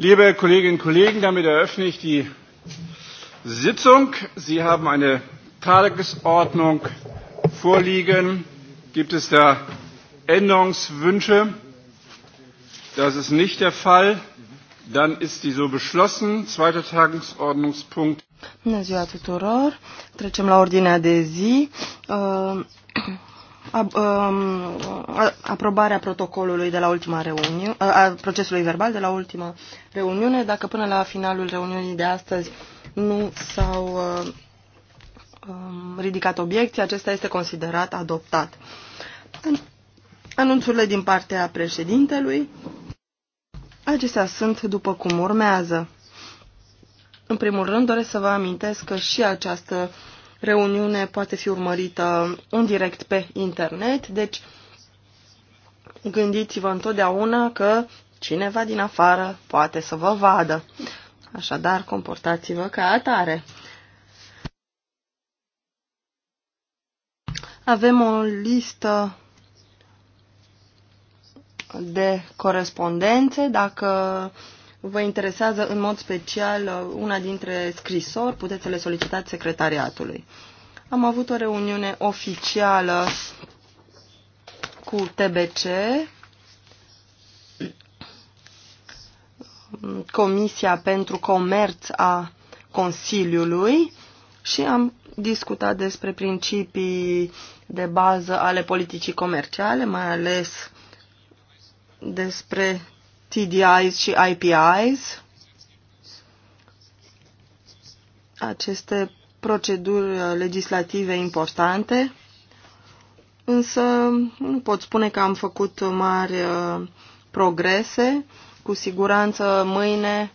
Liebe Kolleginnen und Kollegen, damit eröffne ich die Sitzung. Sie haben eine Tagesordnung vorliegen. Gibt es da Änderungswünsche? Das ist nicht der Fall. Dann ist die so beschlossen. Zweiter Tagesordnungspunkt. Bună ziua tuturor. Trecem la ordinea de zi. Uh Um, aprobarea protocolului de la ultima reuniune, a procesului verbal de la ultima reuniune, dacă până la finalul reuniunii de astăzi nu s-au uh, um, ridicat obiecții, acesta este considerat adoptat. Anunțurile din partea președintelui, acestea sunt după cum urmează. În primul rând doresc să vă amintesc că și această reuniune poate fi urmărită în direct pe internet, deci gândiți-vă întotdeauna că cineva din afară poate să vă vadă. Așadar, comportați-vă ca atare. Avem o listă de corespondențe. Dacă uh, vă interesează în mod special uh, una dintre scrisori, puteți să le solicitați secretariatului. Am avut o reuniune oficială cu TBC, Comisia pentru Comerț a Consiliului și am discutat despre principii de bază ale politicii comerciale, mai ales despre TDIs și IPIs. Aceste proceduri legislative importante, însă nu pot spune că am făcut mari uh, progrese. Cu siguranță mâine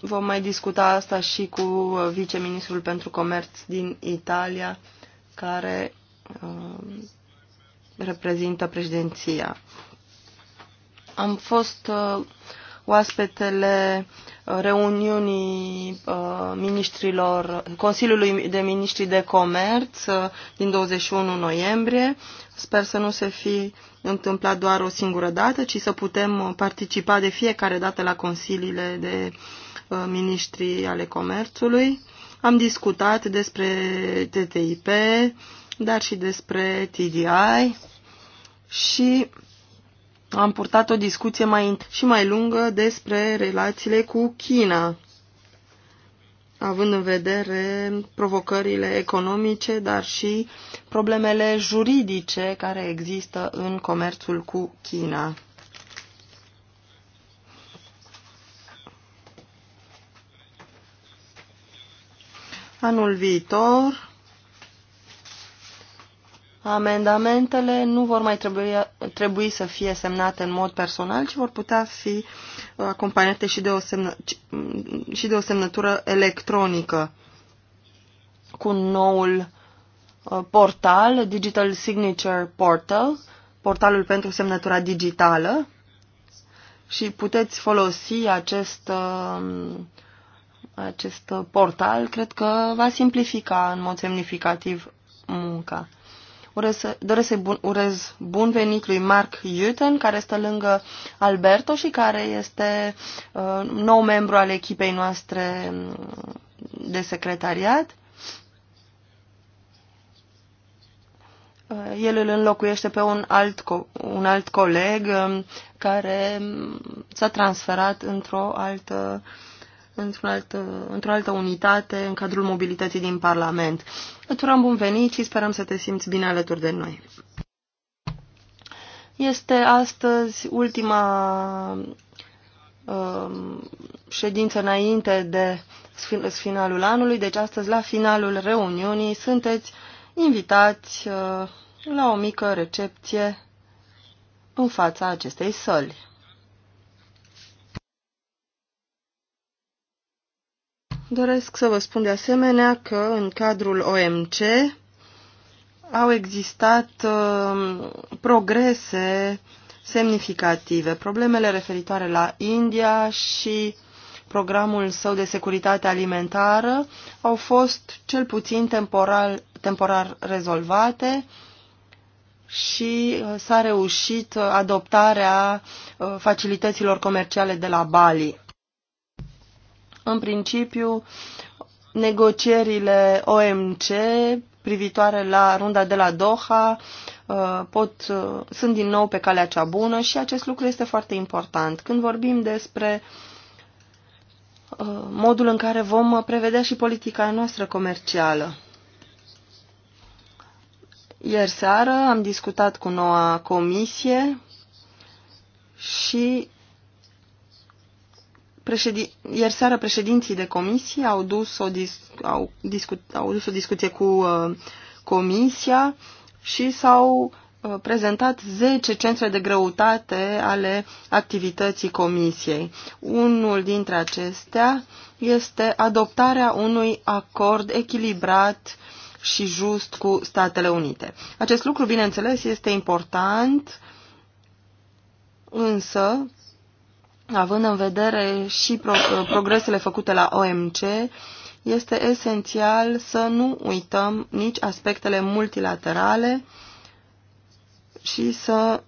vom mai discuta asta și cu uh, viceministrul pentru comerț din Italia, care uh, reprezintă președinția. Am fost uh, oaspetele uh, reuniunii uh, ministrilor, Consiliului de Ministri de Comerț din 21 noiembrie. Sper să nu se fi întâmplat doar o singură dată, ci să putem participa de fiecare dată la consiliile de ministri ale comerțului. Am discutat despre TTIP, dar și despre TDI și am purtat o discuție mai și mai lungă despre relațiile cu China, având în vedere provocările economice, dar și problemele juridice care există în comerțul cu China. Anul viitor Amendamentele nu vor mai trebui, trebui să fie semnate în mod personal, ci vor putea fi acompaniate și de o, semnă, și de o semnătură electronică cu noul uh, portal, Digital Signature Portal, portalul pentru semnătura digitală și puteți folosi acest, uh, acest portal. Cred că va simplifica în mod semnificativ munca. Urez să, doresc să-i bun, urez bun venit lui Mark Newton, care stă lângă Alberto și care este uh, nou membru al echipei noastre mm, de secretariat. Uh, el îl înlocuiește pe un alt, co- un alt coleg um, care mm, s-a transferat într-o altă uh, într-o altă, într altă unitate în cadrul mobilității din Parlament. Îți urăm bun venit și sperăm să te simți bine alături de noi. Este astăzi ultima uh, ședință înainte de finalul anului, deci astăzi la finalul reuniunii sunteți invitați uh, la o mică recepție în fața acestei săli. Doresc să vă spun de asemenea că în cadrul OMC au existat um, progrese semnificative. Problemele referitoare la India și programul său de securitate alimentară au fost cel puțin temporal, temporar rezolvate și uh, s-a reușit uh, adoptarea uh, facilităților comerciale de la Bali. În principiu, negocierile OMC privitoare la runda de la Doha uh, pot, uh, sunt din nou pe calea cea bună și acest lucru este foarte important. Când vorbim despre uh, modul în care vom prevedea și politica noastră comercială. Ieri seară am discutat cu noua comisie și Președin... Ieri seară președinții de comisii au dus o, dis... au discu... au dus o discuție cu uh, comisia și s-au uh, prezentat 10 centre de greutate ale activității comisiei. Unul dintre acestea este adoptarea unui acord echilibrat și just cu Statele Unite. Acest lucru, bineînțeles, este important, însă având în vedere și pro progresele făcute la OMC, este esențial să nu uităm nici aspectele multilaterale și să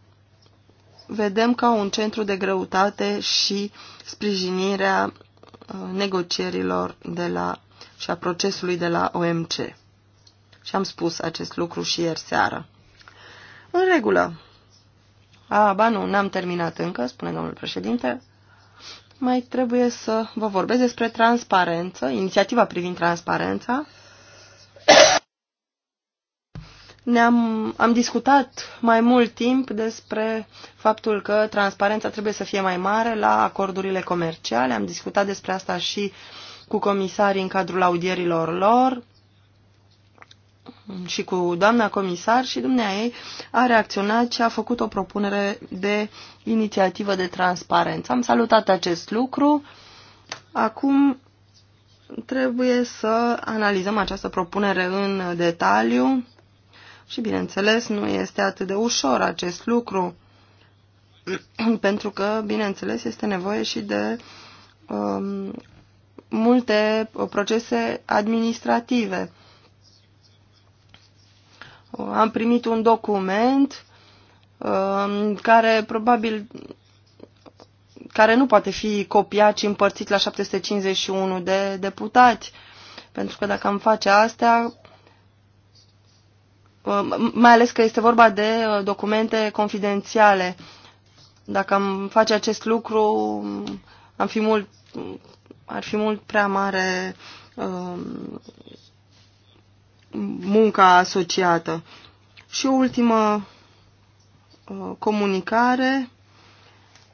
vedem ca un centru de greutate și sprijinirea uh, negocierilor de la, și a procesului de la OMC. Și am spus acest lucru și ieri seară. În regulă. A, ba nu, n-am terminat încă, spune domnul președinte mai trebuie să vă vorbesc despre transparență, inițiativa privind transparența. Ne-am am discutat mai mult timp despre faptul că transparența trebuie să fie mai mare la acordurile comerciale. Am discutat despre asta și cu comisarii în cadrul audierilor lor și cu doamna comisar și dumnea ei a reacționat și a făcut o propunere de inițiativă de transparență. Am salutat acest lucru. Acum trebuie să analizăm această propunere în detaliu și, bineînțeles, nu este atât de ușor acest lucru, pentru că, bineînțeles, este nevoie și de um, multe procese administrative am primit un document um, care probabil care nu poate fi copiat și împărțit la 751 de deputați. Pentru că dacă am face astea, um, mai ales că este vorba de uh, documente confidențiale. Dacă am face acest lucru, am fi mult, ar fi mult prea mare uh, munca asociată. Și o ultimă uh, comunicare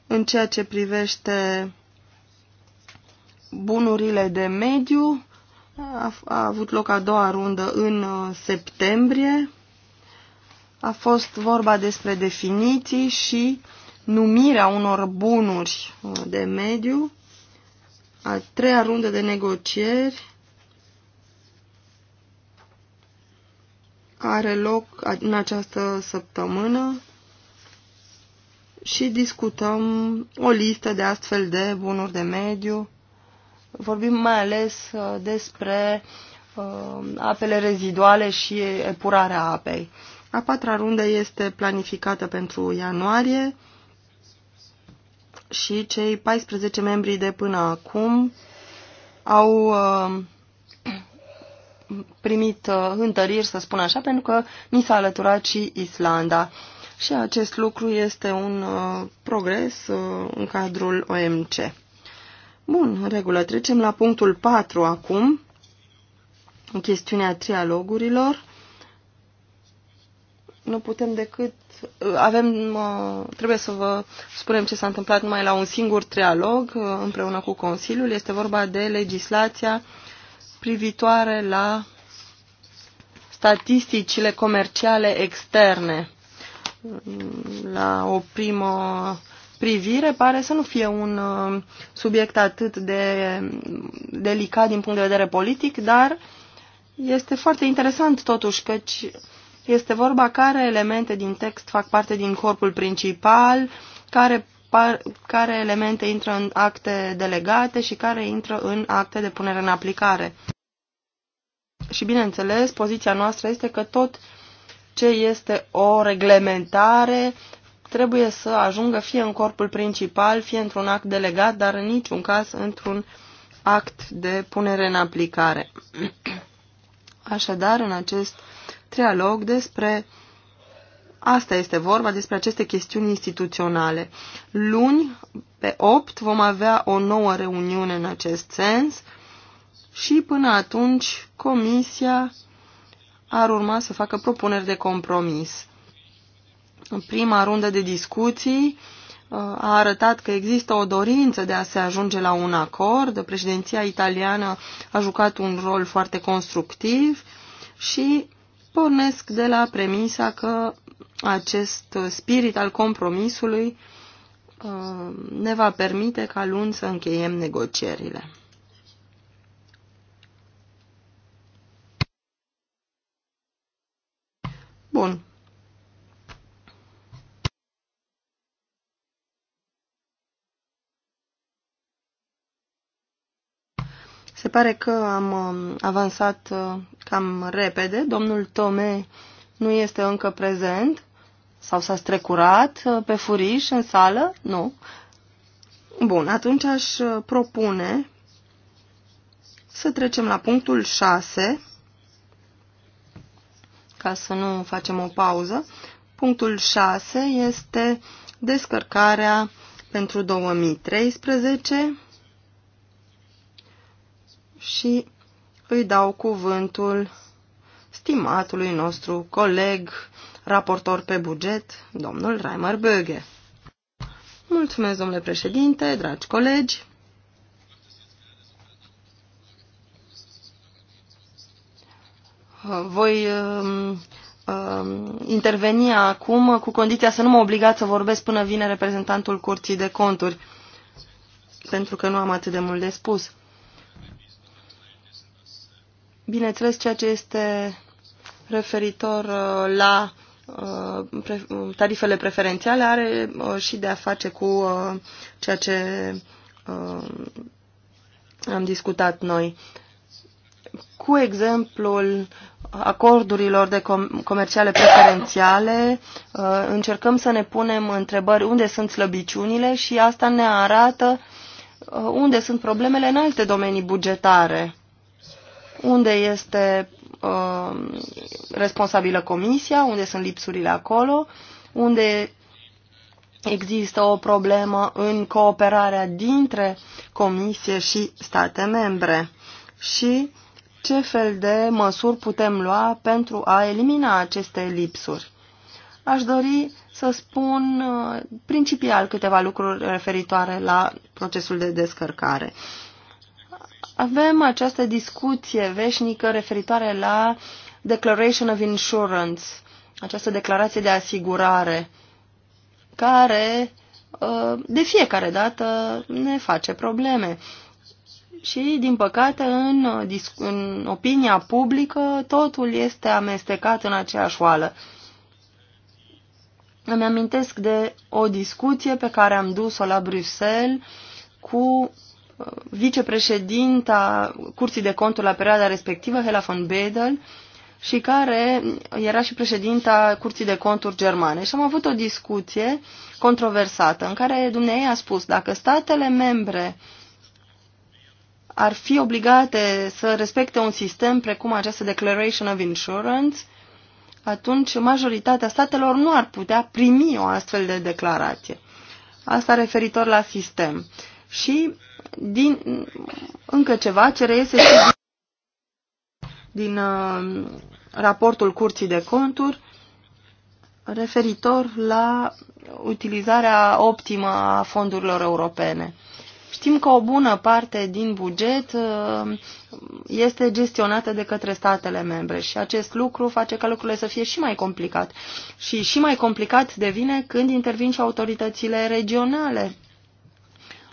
în ceea ce privește bunurile de mediu. A, avut loc a doua rundă în uh, septembrie. A fost vorba despre definiții și numirea unor bunuri uh, de mediu. A treia rundă de negocieri are loc în această săptămână și discutăm o listă de astfel de bunuri de mediu. Vorbim mai ales uh, despre uh, apele reziduale și epurarea apei. A patra rundă este planificată pentru ianuarie și cei 14 membri de până acum au uh, primit uh, întăriri, să spun așa, pentru că mi s-a alăturat și Islanda. Și acest lucru este un uh, progres uh, în cadrul OMC. Bun, în regulă. Trecem la punctul 4 acum, în chestiunea trialogurilor. Nu putem decât... Avem, trebuie să vă spunem ce s-a întâmplat numai la un singur trialog împreună cu Consiliul. Este vorba de legislația uh, privitoare la statisticile comerciale externe. La o primă privire pare să nu fie un uh, subiect atât de delicat din punct de vedere politic, dar este foarte interesant totuși căci este vorba care elemente din text fac parte din corpul principal, care, par, care elemente intră în acte delegate și care intră în acte de punere în aplicare. Și bineînțeles, poziția noastră este că tot ce este o reglementare trebuie să ajungă fie în corpul principal, fie într-un act delegat, dar în niciun caz într-un act de punere în aplicare. Așadar, în acest trialog despre asta este vorba, despre aceste chestiuni instituționale. Luni, pe 8, vom avea o nouă reuniune în acest sens și până atunci Comisia ar urma să facă propuneri de compromis. În prima rundă de discuții uh, a arătat că există o dorință de a se ajunge la un acord. Președinția italiană a jucat un rol foarte constructiv și pornesc de la premisa că acest spirit al compromisului uh, ne va permite ca luni să încheiem negocierile. Bun. Se pare că am um, avansat uh, cam repede. Domnul Tome nu este încă prezent sau s-a strecurat uh, pe furiș în sală? Nu. Bun, atunci aș uh, propune să trecem la punctul 6 ca să nu facem o pauză. Punctul 6 este descărcarea pentru 2013 și îi dau cuvântul stimatului nostru coleg, raportor pe buget, domnul Reimer Böge. Mulțumesc, domnule președinte, dragi colegi. Voi um, um, interveni acum cu condiția să nu mă obligați să vorbesc până vine reprezentantul Curții de Conturi, pentru că nu am atât de mult de spus. Bineînțeles, ceea ce este referitor uh, la uh, tarifele preferențiale are uh, și de a face cu ceea ce am discutat noi. Cu exemplul acordurilor de com comerciale preferențiale, uh, încercăm să ne punem întrebări unde sunt slăbiciunile și asta ne arată uh, unde sunt problemele în alte domenii bugetare, unde este uh, responsabilă comisia, unde sunt lipsurile acolo, unde există o problemă în cooperarea dintre comisie și state membre. Și uh, ce fel de măsuri putem lua pentru a elimina aceste lipsuri. Aș dori să spun uh, principial câteva lucruri referitoare la procesul de descărcare. Avem această discuție veșnică referitoare la Declaration of Insurance, această declarație de asigurare, care uh, de fiecare dată ne face probleme. Și, din păcate, în, în opinia publică, totul este amestecat în aceeași oală. Îmi amintesc de o discuție pe care am dus-o la Bruxelles cu uh, vicepreședinta Curții de Conturi la perioada respectivă, Hela von Bedel, și care era și președinta Curții de Conturi germane. Și am avut o discuție controversată în care dumneavoastră a spus dacă statele membre ar fi obligate să respecte un sistem precum această Declaration of Insurance, atunci majoritatea statelor nu ar putea primi o astfel de declarație. Asta referitor la sistem. Și din încă ceva ce reiese și din, din uh, raportul Curții de Conturi referitor la utilizarea optimă a fondurilor europene. Știm că o bună parte din buget uh, este gestionată de către statele membre și acest lucru face ca lucrurile să fie și mai complicat. Și și mai complicat devine când intervin și autoritățile regionale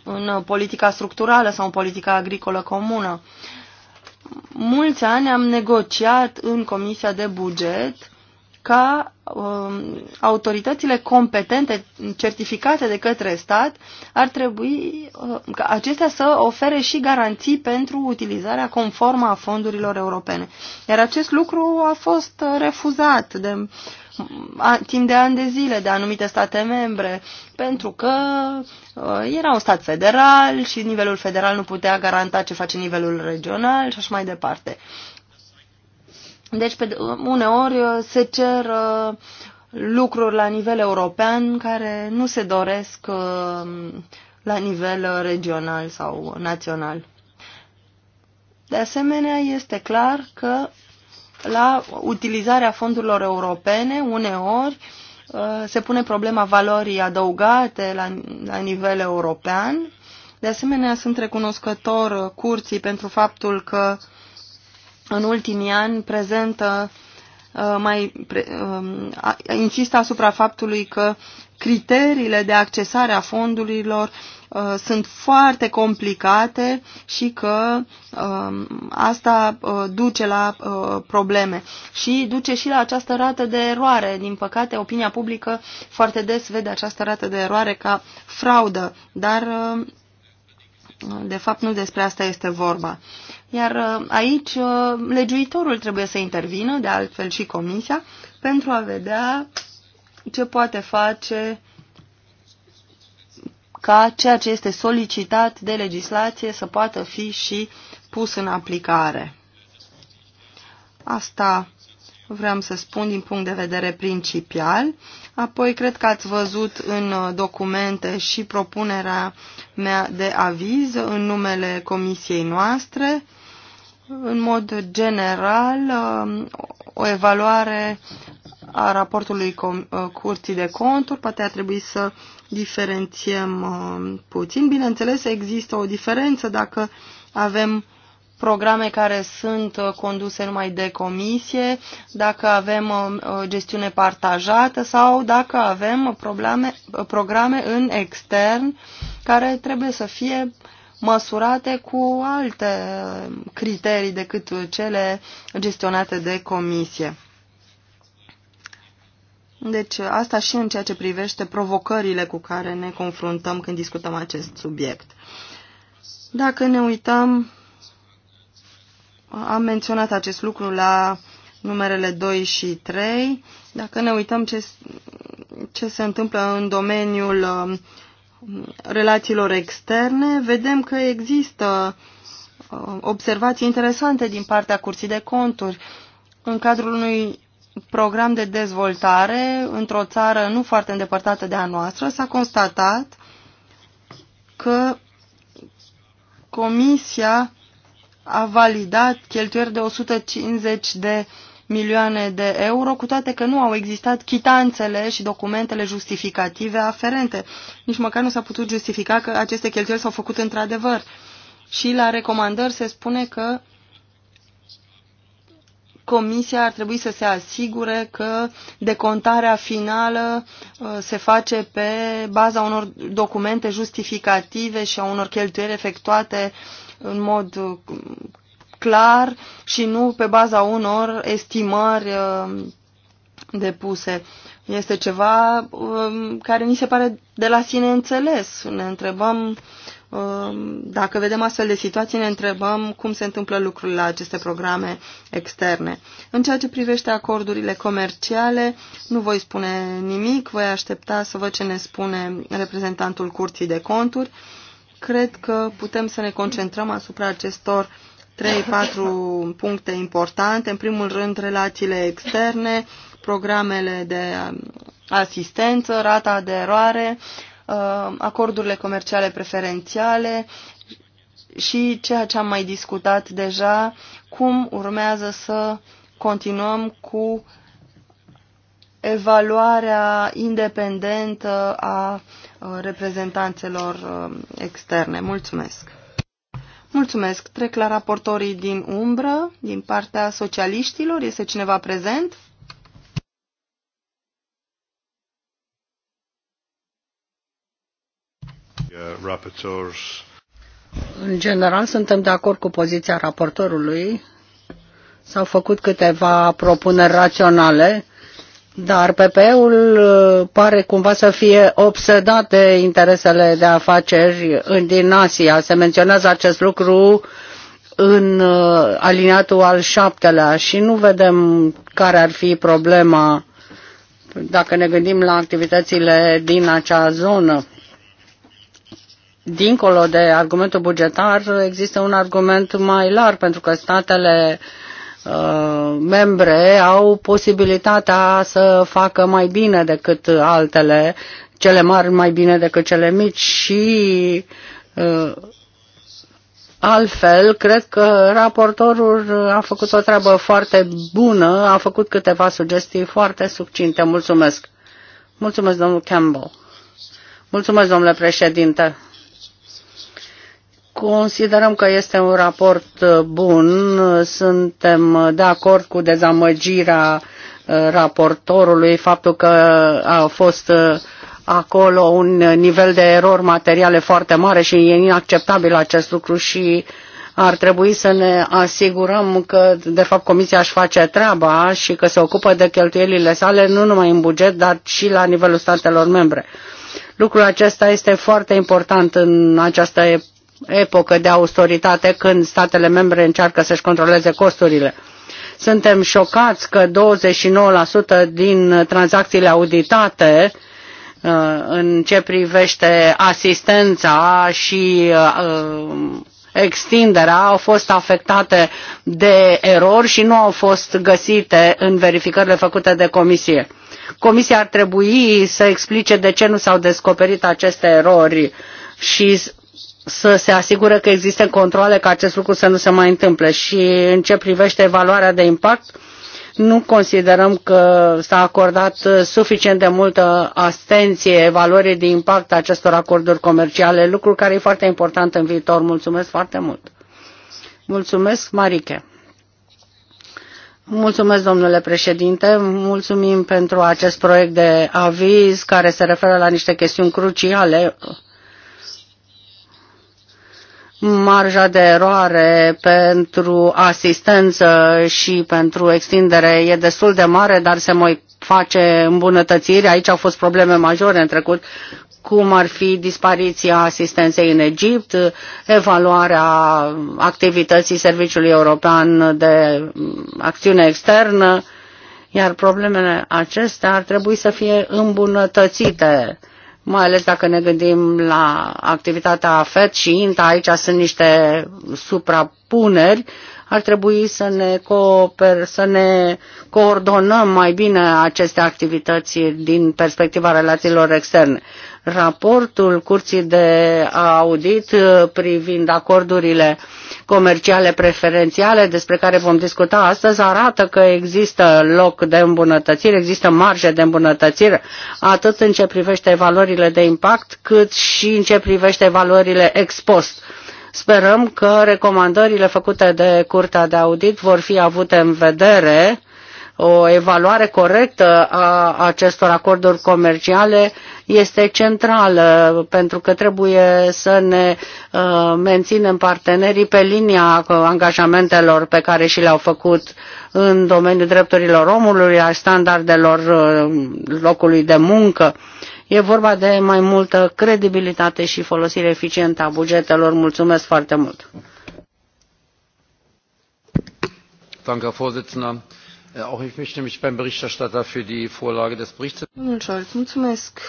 în uh, politica structurală sau în politica agricolă comună. Mulți ani am negociat în Comisia de Buget ca um, autoritățile competente certificate de către stat ar trebui uh, ca acestea să ofere și garanții pentru utilizarea conformă a fondurilor europene. Iar acest lucru a fost refuzat de a, timp de ani de zile de anumite state membre, pentru că uh, era un stat federal și nivelul federal nu putea garanta ce face nivelul regional și așa mai departe. Deci, pe, uneori uh, se cer uh, lucruri la nivel european care nu se doresc uh, la nivel regional sau național. De asemenea, este clar că la utilizarea fondurilor europene, uneori, se pune problema valorii adăugate la, la nivel european. De asemenea, sunt recunoscător curții pentru faptul că uh, în ultimii ani prezentă uh, mai um, insistă asupra faptului că criteriile de accesare a fondurilor uh, sunt foarte complicate și că um, asta uh, duce la probleme și duce și la această rată de eroare. Din păcate, opinia publică foarte des vede această rată de eroare ca fraudă, dar de fapt nu despre asta este vorba. Iar uh, aici uh, legiuitorul trebuie să intervină, de altfel și comisia, pentru a vedea ce poate face ca ceea ce este solicitat de legislație să poată fi și pus în aplicare. Asta vreau să spun din punct de vedere principial. Apoi, cred că ați văzut în uh, documente și propunerea mea de aviz în numele comisiei noastre în mod general, um, o evaluare a raportului uh, Curții de Conturi, poate ar trebui să diferențiem um, puțin. Bineînțeles, există o diferență dacă avem programe care sunt uh, conduse numai de comisie, dacă avem um, gestiune partajată sau dacă avem programe, programe în extern care trebuie să fie măsurate cu alte criterii decât cele gestionate de comisie. Deci asta și în ceea ce privește provocările cu care ne confruntăm când discutăm acest subiect. Dacă ne uităm, am menționat acest lucru la numerele 2 și 3. Dacă ne uităm ce, ce se întâmplă în domeniul relațiilor externe, vedem că există uh, observații interesante din partea Curții de Conturi. În cadrul unui program de dezvoltare într-o țară nu foarte îndepărtată de a noastră, s-a constatat că Comisia a validat cheltuieri de 150 de milioane de euro, cu toate că nu au existat chitanțele și documentele justificative aferente. Nici măcar nu s-a putut justifica că aceste cheltuieli s-au făcut într-adevăr. Și la recomandări se spune că Comisia ar trebui să se asigure că decontarea finală uh, se face pe baza unor documente justificative și a unor cheltuieli efectuate în mod uh, clar și nu pe baza unor estimări uh, depuse. Este ceva um, care ni se pare de la sine înțeles. Ne întrebăm, um, dacă vedem astfel de situații, ne întrebăm cum se întâmplă lucrurile la aceste programe externe. În ceea ce privește acordurile comerciale, nu voi spune nimic, voi aștepta să văd ce ne spune reprezentantul Curții de Conturi. Cred că putem să ne concentrăm asupra acestor uh, trei patru puncte importante. În primul rând, relațiile externe, programele de um, asistență, rata de eroare, uh, acordurile comerciale preferențiale și ceea ce am mai discutat deja, cum urmează să continuăm cu evaluarea independentă a uh, reprezentanțelor um, externe. Mulțumesc! Mulțumesc. Trec la raportorii din umbră, din partea socialiștilor. Este cineva prezent? În general, suntem de acord cu poziția raportorului. S-au făcut câteva propuneri raționale dar PP-ul uh, pare cumva să fie obsedat de interesele de afaceri din Asia. Se menționează acest lucru în uh, aliniatul al șaptelea și nu vedem care ar fi problema dacă ne gândim la activitățile din acea zonă. Dincolo de argumentul bugetar, există un argument mai larg, pentru că statele uh, Uh, membre au posibilitatea să facă mai bine decât altele, cele mari mai bine decât cele mici și uh, altfel, cred că raportorul a făcut o treabă foarte bună, a făcut câteva sugestii foarte succinte. Mulțumesc. Mulțumesc, domnul Campbell. Mulțumesc, domnule președinte. Considerăm că este un raport uh, bun, suntem uh, de acord cu dezamăgirea uh, raportorului, faptul că a fost acolo un nivel de erori materiale foarte mare și e inacceptabil acest lucru și ar trebui să ne asigurăm că, de fapt, Comisia își face treaba și că se ocupă de cheltuielile sale, nu numai în buget, dar și la nivelul statelor membre. Lucrul acesta este foarte important în această epocă de austeritate când statele membre încearcă să-și controleze costurile. Suntem șocați că 29% din tranzacțiile auditate uh, în ce privește asistența și uh, extinderea au fost afectate de erori și nu au fost găsite în verificările făcute de comisie. Comisia ar trebui să explice de ce nu s-au descoperit aceste erori și să se asigure că există controle ca acest lucru să nu se mai întâmple. Și în ce privește evaluarea de impact, nu considerăm că s-a acordat suficient de multă atenție evaluării de impact a acestor acorduri comerciale, lucru care e foarte important în viitor. Mulțumesc foarte mult! Mulțumesc, Marike! Mulțumesc, domnule președinte. Mulțumim pentru acest proiect de aviz care se referă la niște chestiuni cruciale marja de eroare pentru asistență și pentru extindere e destul de mare, dar se mai face îmbunătățiri. Aici au fost probleme majore în trecut, cum ar fi dispariția asistenței în Egipt, evaluarea activității Serviciului European de Acțiune Externă, iar problemele acestea ar trebui să fie îmbunătățite mai ales dacă ne gândim la activitatea FED și INTA, aici sunt niște suprapuneri, ar trebui să ne, cooper, să ne coordonăm mai bine aceste activități din perspectiva relațiilor externe. Raportul Curții de Audit privind acordurile uh, comerciale preferențiale despre care vom discuta astăzi arată că există loc de îmbunătățire, există marge de îmbunătățire, atât în ce privește valorile de impact, cât și în ce privește valorile ex post. Sperăm că recomandările făcute de Curtea de Audit vor fi avute în vedere o evaluare corectă a acestor acorduri comerciale este centrală pentru că trebuie să ne uh, menținem partenerii pe linia uh, angajamentelor pe care și le-au făcut în domeniul drepturilor omului, a standardelor uh, locului de muncă. E vorba de mai multă credibilitate și folosire eficientă a bugetelor. Mulțumesc foarte mult! Danke, Vorsitzender. Äh, auch ich möchte mich beim Berichterstatter für die Vorlage des Berichts. mulțumesc.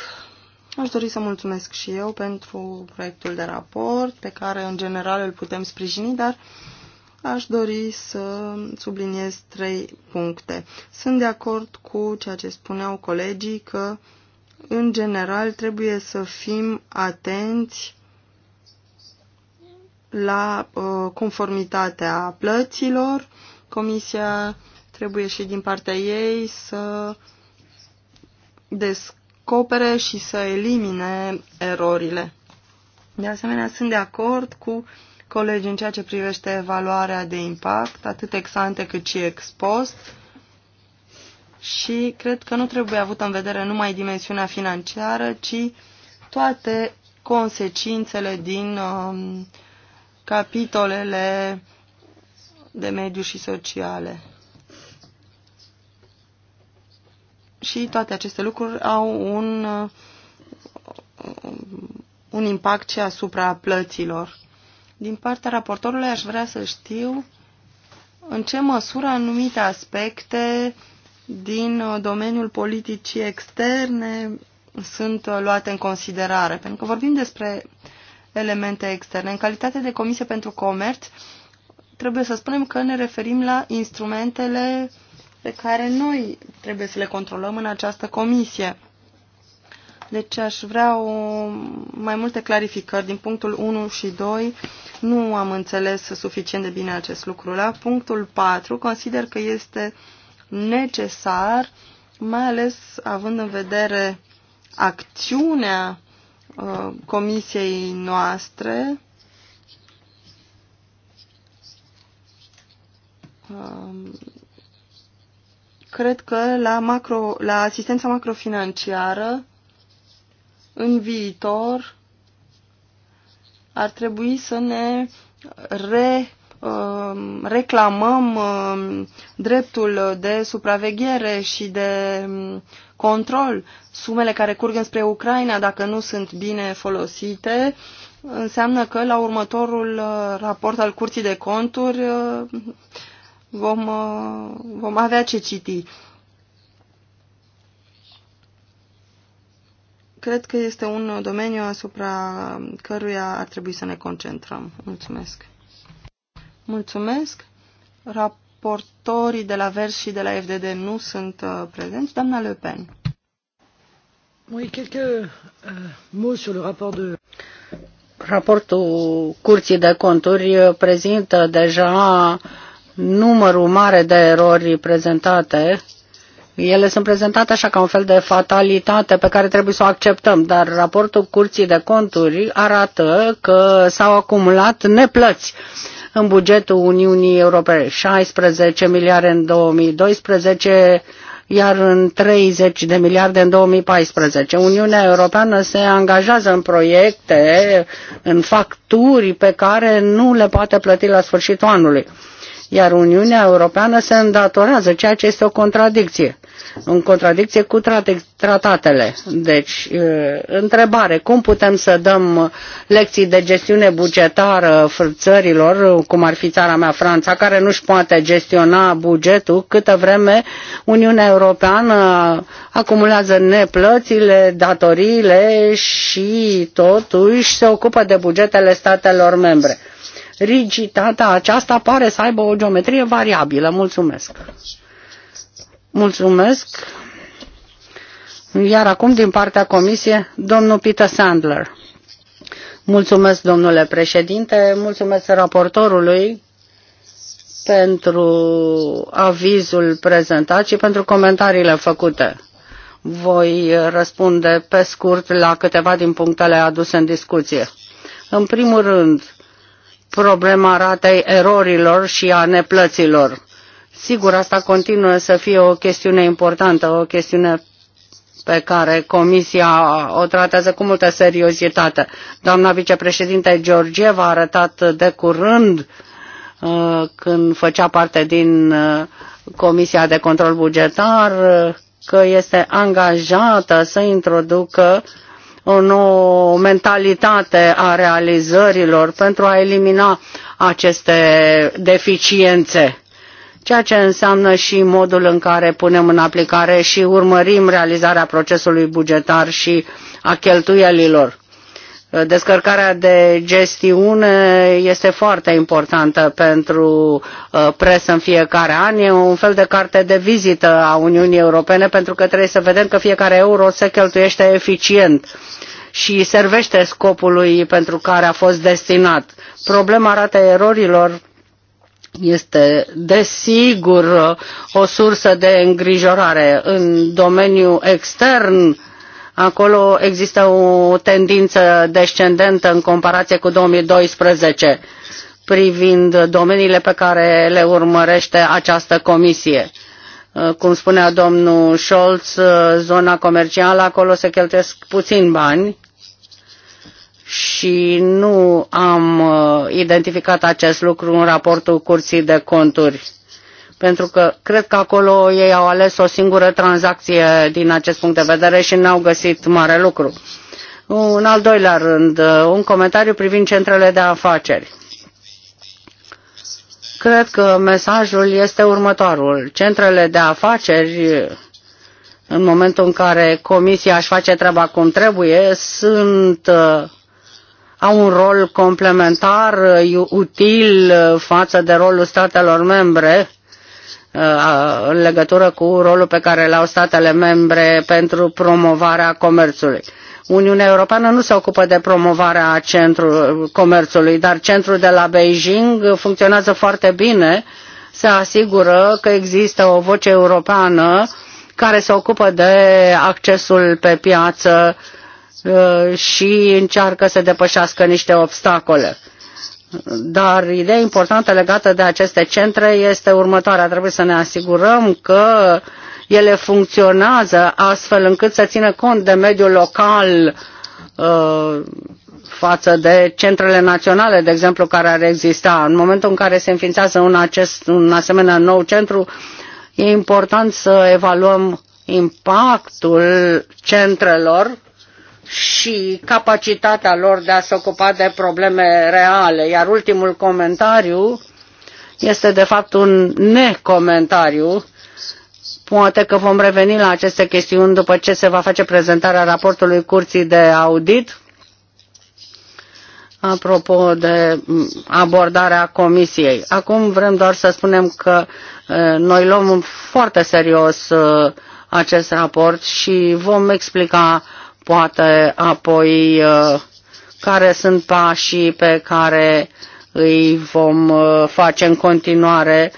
Aș dori să mulțumesc și eu pentru proiectul de raport, pe care în general îl putem sprijini, dar aș dori să subliniez trei puncte. Sunt de acord cu ceea ce spuneau colegii că, în general, trebuie să fim atenți la uh, conformitatea plăților. Comisia Trebuie și din partea ei să descopere și să elimine erorile. De asemenea, sunt de acord cu colegii în ceea ce privește evaluarea de impact, atât ex ante cât și ex post, și cred că nu trebuie avut în vedere numai dimensiunea financiară, ci toate consecințele din um, capitolele de mediu și sociale. și toate aceste lucruri au un, uh, un impact și asupra plăților. Din partea raportorului aș vrea să știu în ce măsură anumite aspecte din uh, domeniul politicii externe sunt uh, luate în considerare, pentru că vorbim despre elemente externe. În calitate de Comisie pentru Comerț, trebuie să spunem că ne referim la instrumentele pe care noi trebuie să le controlăm în această comisie. Deci aș vrea o, mai multe clarificări din punctul 1 și 2. Nu am înțeles suficient de bine acest lucru. La punctul 4 consider că este necesar, mai ales având în vedere acțiunea uh, comisiei noastre, uh, cred că la, macro, la asistența macrofinanciară în viitor ar trebui să ne re, um, reclamăm um, dreptul de supraveghere și de um, control. Sumele care curg înspre Ucraina, dacă nu sunt bine folosite, înseamnă că la următorul uh, raport al Curții de Conturi uh, vom, uh, vom avea ce citi. Cred că este un domeniu asupra căruia ar trebui să ne concentrăm. Mulțumesc. Mulțumesc. Raportorii de la Vers și de la FDD nu sunt uh, prezenți. Doamna Le Pen. Oui, quelques uh, mots sur le rapport de... Raportul Curții de Conturi prezintă deja uh, numărul mare de erori prezentate. Ele sunt prezentate așa ca un fel de fatalitate pe care trebuie să o acceptăm, dar raportul Curții de Conturi arată că s-au acumulat neplăți în bugetul Uniunii Europene, 16 miliarde în 2012, iar în 30 de miliarde în 2014. Uniunea Europeană se angajează în proiecte, în facturi pe care nu le poate plăti la sfârșitul anului iar Uniunea Europeană se îndatorează, ceea ce este o contradicție, în contradicție cu tratatele. Deci, întrebare, cum putem să dăm lecții de gestiune bugetară țărilor, cum ar fi țara mea Franța, care nu-și poate gestiona bugetul câtă vreme Uniunea Europeană acumulează neplățile, datoriile și totuși se ocupă de bugetele statelor membre rigiditatea aceasta pare să aibă o geometrie variabilă. Mulțumesc! Mulțumesc! Iar acum, din partea Comisiei, domnul Peter Sandler. Mulțumesc, domnule președinte, mulțumesc raportorului pentru avizul prezentat și pentru comentariile făcute. Voi răspunde pe scurt la câteva din punctele aduse în discuție. În primul rând, problema ratei erorilor și a neplăților. Sigur, asta continuă să fie o chestiune importantă, o chestiune pe care Comisia o tratează cu multă seriozitate. Doamna vicepreședinte Georgieva a arătat de curând uh, când făcea parte din uh, Comisia de Control Bugetar uh, că este angajată să introducă o nouă mentalitate a realizărilor pentru a elimina aceste deficiențe ceea ce înseamnă și modul în care punem în aplicare și urmărim realizarea procesului bugetar și a cheltuielilor descărcarea de gestiune este foarte importantă pentru uh, presă în fiecare an. E un fel de carte de vizită a Uniunii Europene pentru că trebuie să vedem că fiecare euro se cheltuiește eficient și servește scopului pentru care a fost destinat. Problema ratei erorilor este desigur o sursă de îngrijorare. În domeniul extern Acolo există o tendință descendentă în comparație cu 2012 privind domeniile pe care le urmărește această comisie. Uh, cum spunea domnul Scholz, uh, zona comercială, acolo se cheltuiesc puțin bani și nu am uh, identificat acest lucru în raportul Curții de Conturi pentru că cred că acolo ei au ales o singură tranzacție din acest punct de vedere și n-au găsit mare lucru. În al doilea rând, un comentariu privind centrele de afaceri. Cred că mesajul este următorul. Centrele de afaceri, în momentul în care comisia își face treaba cum trebuie, sunt uh, au un rol complementar uh, util uh, față de rolul statelor membre Uh, în legătură cu rolul pe care l-au statele membre pentru promovarea comerțului. Uniunea Europeană nu se ocupă de promovarea centrul comerțului, dar centrul de la Beijing funcționează foarte bine, se asigură că există o voce europeană care se ocupă de accesul pe piață uh, și încearcă să depășească niște obstacole. Dar ideea importantă legată de aceste centre este următoarea. Trebuie să ne asigurăm că ele funcționează astfel încât să țină cont de mediul local uh, față de centrele naționale, de exemplu, care ar exista. În momentul în care se înființează un, acest, un asemenea nou centru, e important să evaluăm impactul centrelor și capacitatea lor de a se ocupa de probleme reale. Iar ultimul comentariu este de fapt un necomentariu. Poate că vom reveni la aceste chestiuni după ce se va face prezentarea raportului Curții de Audit. Apropo de abordarea comisiei. Acum vrem doar să spunem că noi luăm foarte serios acest raport și vom explica poate apoi uh, care sunt pașii pe care îi vom uh, face în continuare.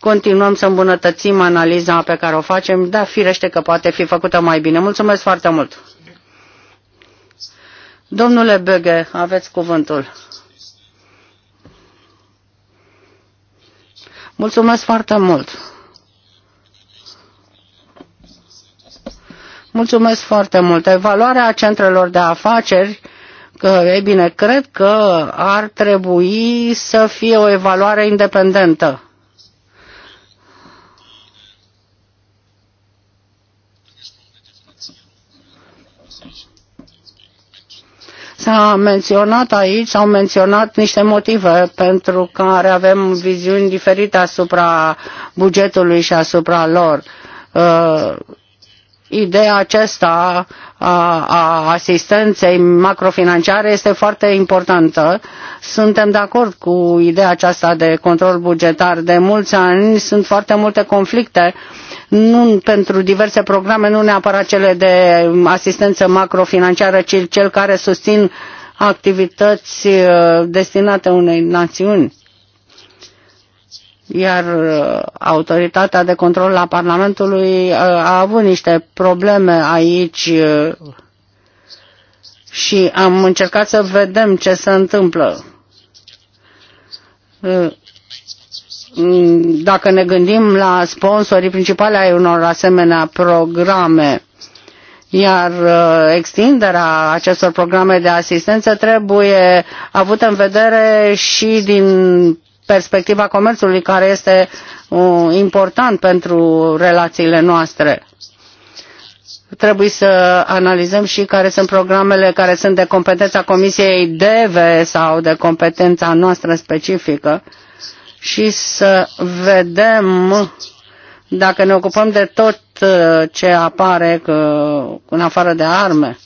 Continuăm să îmbunătățim analiza pe care o facem, dar firește că poate fi făcută mai bine. Mulțumesc foarte mult! Domnule Bege, aveți cuvântul. Mulțumesc foarte mult! Mulțumesc foarte mult. Evaluarea centrelor de afaceri, că, e bine, cred că ar trebui să fie o evaluare independentă. S-a menționat aici, s-au menționat niște motive pentru care avem viziuni diferite asupra bugetului și asupra lor. Uh, Ideea aceasta a, a asistenței macrofinanciare este foarte importantă. Suntem de acord cu ideea aceasta de control bugetar. De mulți ani sunt foarte multe conflicte nu pentru diverse programe, nu neapărat cele de asistență macrofinanciară, ci cel care susțin activități uh, destinate unei națiuni iar uh, autoritatea de control a Parlamentului uh, a avut niște probleme aici uh, și am încercat să vedem ce se întâmplă. Dacă ne gândim la sponsorii principale ai unor asemenea programe, iar extinderea acestor programe de asistență trebuie avută în vedere și din perspectiva comerțului, care este uh, important pentru relațiile noastre. Trebuie să analizăm și care sunt programele care sunt de competența Comisiei DEVE sau de competența noastră specifică și să vedem dacă ne ocupăm de tot uh, ce apare uh, în afară de arme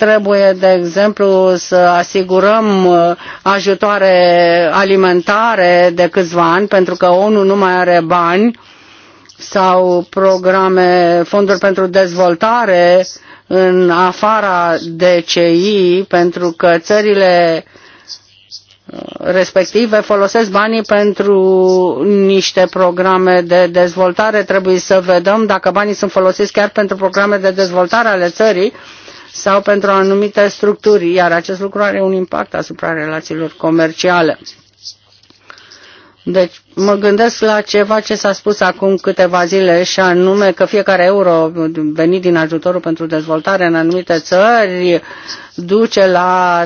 Trebuie, de exemplu, să asigurăm uh, ajutoare alimentare de câțiva ani, pentru că ONU nu mai are bani sau programe, fonduri pentru dezvoltare în afara DCI, pentru că țările uh, respective folosesc banii pentru niște programe de dezvoltare. Trebuie să vedem dacă banii sunt folosiți chiar pentru programe de dezvoltare ale țării sau pentru anumite structuri, iar acest lucru are un impact asupra relațiilor comerciale. Deci mă gândesc la ceva ce s-a spus acum câteva zile și anume că fiecare euro venit din ajutorul pentru dezvoltare în anumite țări duce la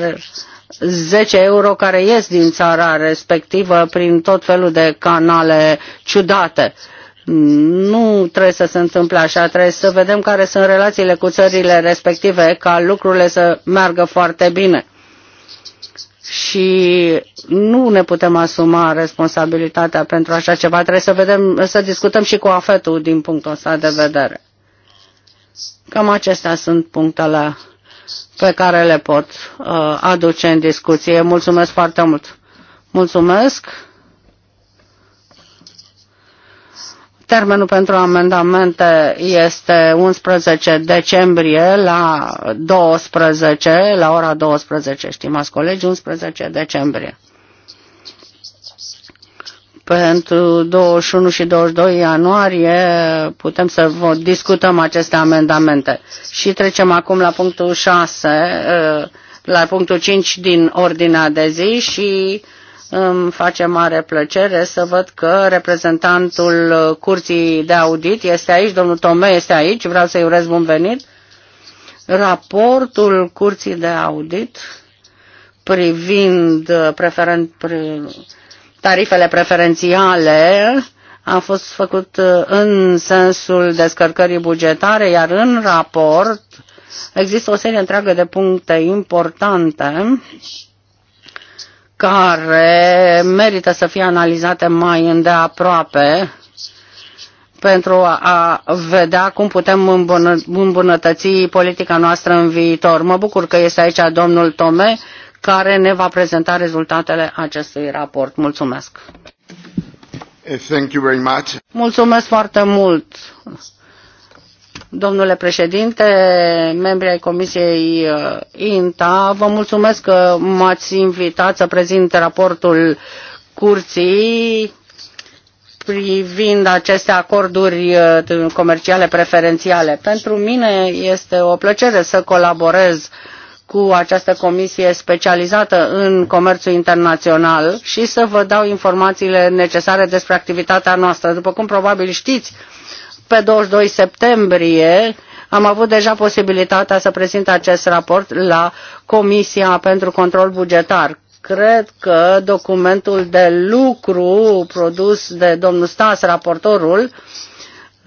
10 euro care ies din țara respectivă prin tot felul de canale ciudate. Uh, nu trebuie să se întâmple așa, trebuie să vedem care sunt relațiile cu țările respective ca lucrurile să meargă foarte bine. Și nu ne putem asuma responsabilitatea pentru așa ceva. Trebuie să vedem, să discutăm și cu afetul din punctul ăsta de vedere. Cam acestea sunt punctele pe care le pot uh, aduce în discuție. Mulțumesc foarte mult! Mulțumesc! Termenul pentru amendamente este 11 decembrie la 12, la ora 12, stimați colegi, 11 decembrie. Pentru 21 și 22 ianuarie putem să discutăm aceste amendamente. Și trecem acum la punctul 6, eh, la punctul 5 din ordinea de zi și îmi face mare plăcere să văd că reprezentantul Curții de Audit este aici, domnul Tomei este aici, vreau să-i urez bun venit. Raportul Curții de Audit privind preferen, tarifele preferențiale a fost făcut în sensul descărcării bugetare, iar în raport există o serie întreagă de puncte importante care merită să fie analizate mai îndeaproape pentru a vedea cum putem îmbunătăți politica noastră în viitor. Mă bucur că este aici domnul Tome, care ne va prezenta rezultatele acestui raport. Mulțumesc! Thank you very much. Mulțumesc foarte mult! Domnule președinte, membri ai Comisiei uh, INTA, vă mulțumesc că m-ați invitat să prezint raportul curții privind aceste acorduri uh, comerciale preferențiale. Pentru mine este o plăcere să colaborez cu această comisie specializată în comerțul internațional și să vă dau informațiile necesare despre activitatea noastră. După cum probabil știți, pe 22 septembrie am avut deja posibilitatea să prezint acest raport la Comisia pentru Control Bugetar. Cred că documentul de lucru produs de domnul Stas, raportorul,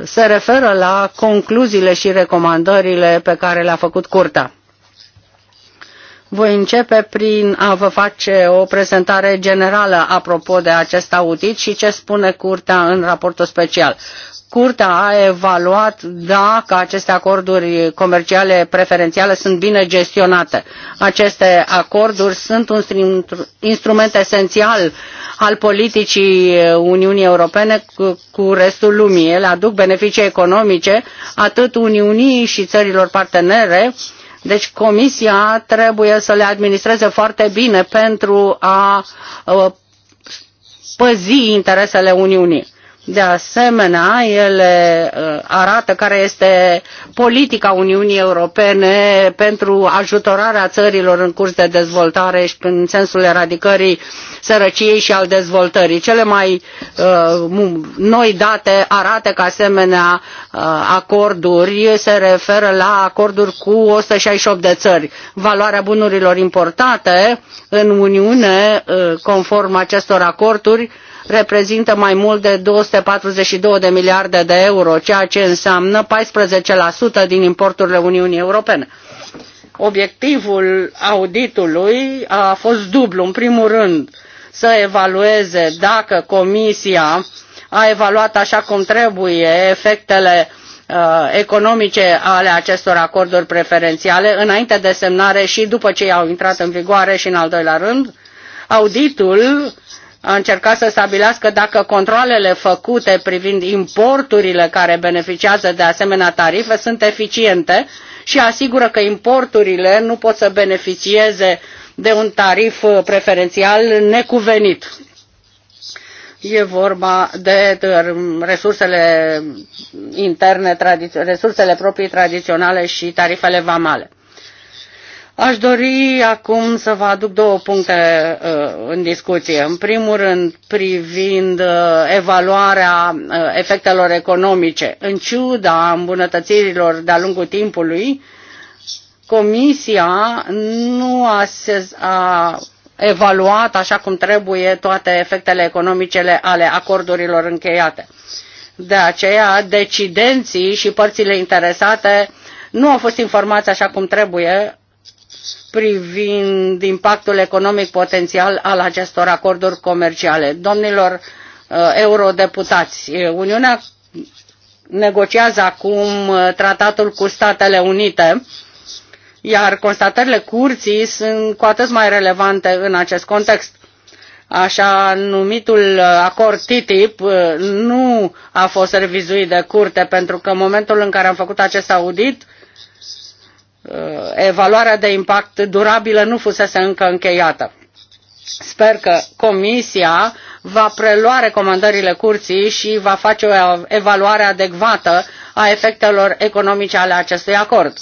se referă la concluziile și recomandările pe care le-a făcut curtea. Voi începe prin a vă face o prezentare generală apropo de acest audit și ce spune Curtea în raportul special. Curtea a evaluat dacă aceste acorduri comerciale preferențiale sunt bine gestionate. Aceste acorduri sunt un instrument esențial al politicii Uniunii Europene cu, restul lumii. Ele aduc beneficii economice atât Uniunii și țărilor partenere, deci Comisia trebuie să le administreze foarte bine pentru a uh, păzi interesele Uniunii de asemenea, ele uh, arată care este politica Uniunii Europene pentru ajutorarea țărilor în curs de dezvoltare și în sensul eradicării sărăciei și al dezvoltării. Cele mai uh, noi date arată că asemenea uh, acorduri se referă la acorduri cu 168 de țări. Valoarea bunurilor importate în Uniune, conform acestor acorduri, reprezintă mai mult de 242 de miliarde de euro, ceea ce înseamnă 14% din importurile Uniunii Europene. Obiectivul auditului a fost dublu. În primul rând, să evalueze dacă Comisia a evaluat așa cum trebuie efectele uh, economice ale acestor acorduri preferențiale înainte de semnare și după ce au intrat în vigoare și în al doilea rând auditul a încercat să stabilească dacă controlele făcute privind importurile care beneficiază de asemenea tarife sunt eficiente și asigură că importurile nu pot să beneficieze de un tarif preferențial necuvenit. E vorba de resursele interne, resursele proprii tradiționale și tarifele vamale. Aș dori acum să vă aduc două puncte uh, în discuție. În primul rând, privind uh, evaluarea uh, efectelor economice. În ciuda îmbunătățirilor de-a lungul timpului, Comisia nu a, a evaluat așa cum trebuie toate efectele economice ale acordurilor încheiate. De aceea, decidenții și părțile interesate nu au fost informați așa cum trebuie privind impactul economic potențial al acestor acorduri comerciale. Domnilor uh, eurodeputați, Uniunea negociază acum uh, tratatul cu Statele Unite, iar constatările curții sunt cu atât mai relevante în acest context. Așa numitul uh, acord TTIP nu a fost revizuit de curte pentru că în momentul în care am făcut acest audit Uh, evaluarea de impact durabilă nu fusese încă încheiată. Sper că Comisia va prelua recomandările curții și va face o evaluare adecvată a efectelor economice ale acestui acord.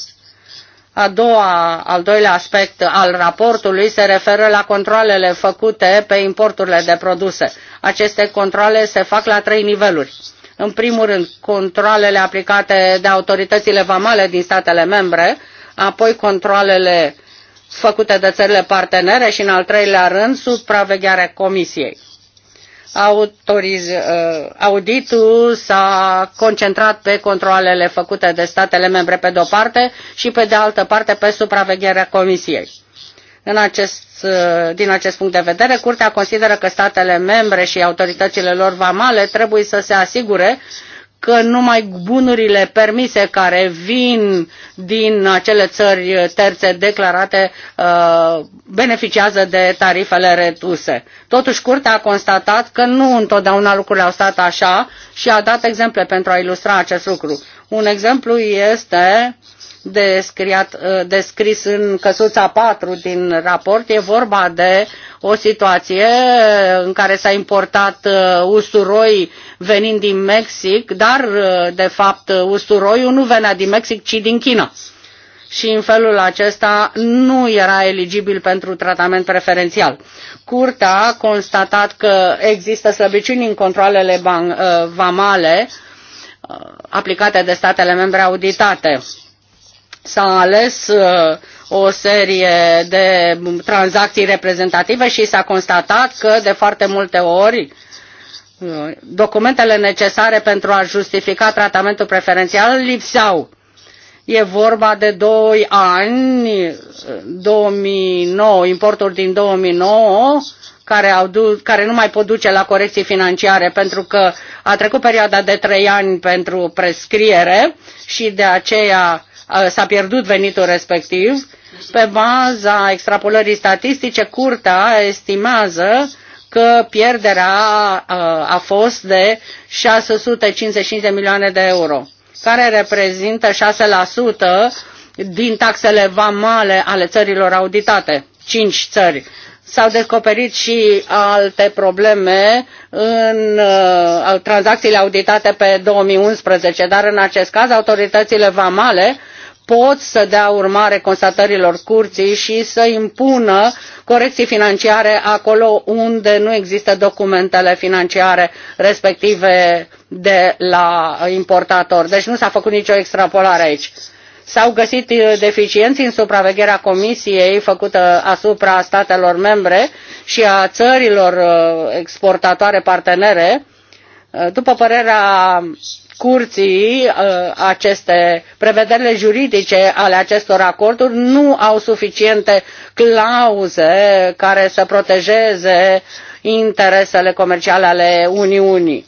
A doua, al doilea aspect al raportului se referă la controlele făcute pe importurile de produse. Aceste controle se fac la trei niveluri. În primul rând, controlele aplicate de autoritățile vamale din statele membre, apoi controlele făcute de țările partenere și, în al treilea rând, supravegherea Comisiei. Autoriz, uh, auditul s-a concentrat pe controlele făcute de statele membre pe de-o parte și pe de altă parte pe supravegherea Comisiei. În acest, uh, din acest punct de vedere, Curtea consideră că statele membre și autoritățile lor vamale trebuie să se asigure că numai bunurile permise care vin din acele țări terțe declarate uh, beneficiază de tarifele reduse. Totuși, Curtea a constatat că nu întotdeauna lucrurile au stat așa și a dat exemple pentru a ilustra acest lucru. Un exemplu este uh, descriat, uh, descris în căsuța 4 din raport. E vorba de o situație în care s-a importat uh, usturoi venind din Mexic, dar uh, de fapt usturoiul nu venea din Mexic, ci din China. Și în felul acesta nu era eligibil pentru tratament preferențial. Curtea a constatat că există slăbiciuni în controlele vamale aplicate de statele membre auditate S-a ales uh, o serie de tranzacții reprezentative și s-a constatat că de foarte multe ori uh, documentele necesare pentru a justifica tratamentul preferențial lipseau. E vorba de 2 ani, 2009, importuri din 2009, care, au du- care nu mai pot duce la corecții financiare pentru că a trecut perioada de 3 ani pentru prescriere și de aceea s-a pierdut venitul respectiv. Pe baza extrapolării statistice, curtea estimează că pierderea a fost de 655 de milioane de euro, care reprezintă 6% din taxele vamale ale țărilor auditate, 5 țări. S-au descoperit și alte probleme în uh, tranzacțiile auditate pe 2011, dar în acest caz autoritățile vamale pot să dea urmare constatărilor curții și să impună corecții financiare acolo unde nu există documentele financiare respective de la importator. Deci nu s-a făcut nicio extrapolare aici. S-au găsit uh, deficiențe în supravegherea comisiei făcută asupra statelor membre și a țărilor uh, exportatoare partenere. Uh, după părerea curții uh, aceste prevederile juridice ale acestor acorduri nu au suficiente clauze care să protejeze interesele comerciale ale Uniunii.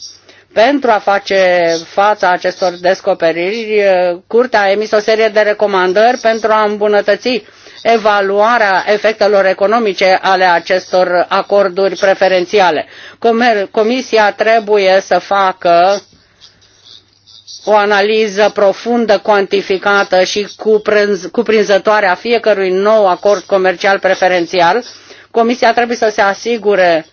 Pentru a face fața acestor descoperiri, uh, Curtea a emis o serie de recomandări pentru a îmbunătăți evaluarea efectelor economice ale acestor acorduri preferențiale. Comisia trebuie să facă o analiză profundă, cuantificată și cuprinzătoare a fiecărui nou acord comercial preferențial. Comisia trebuie să se asigure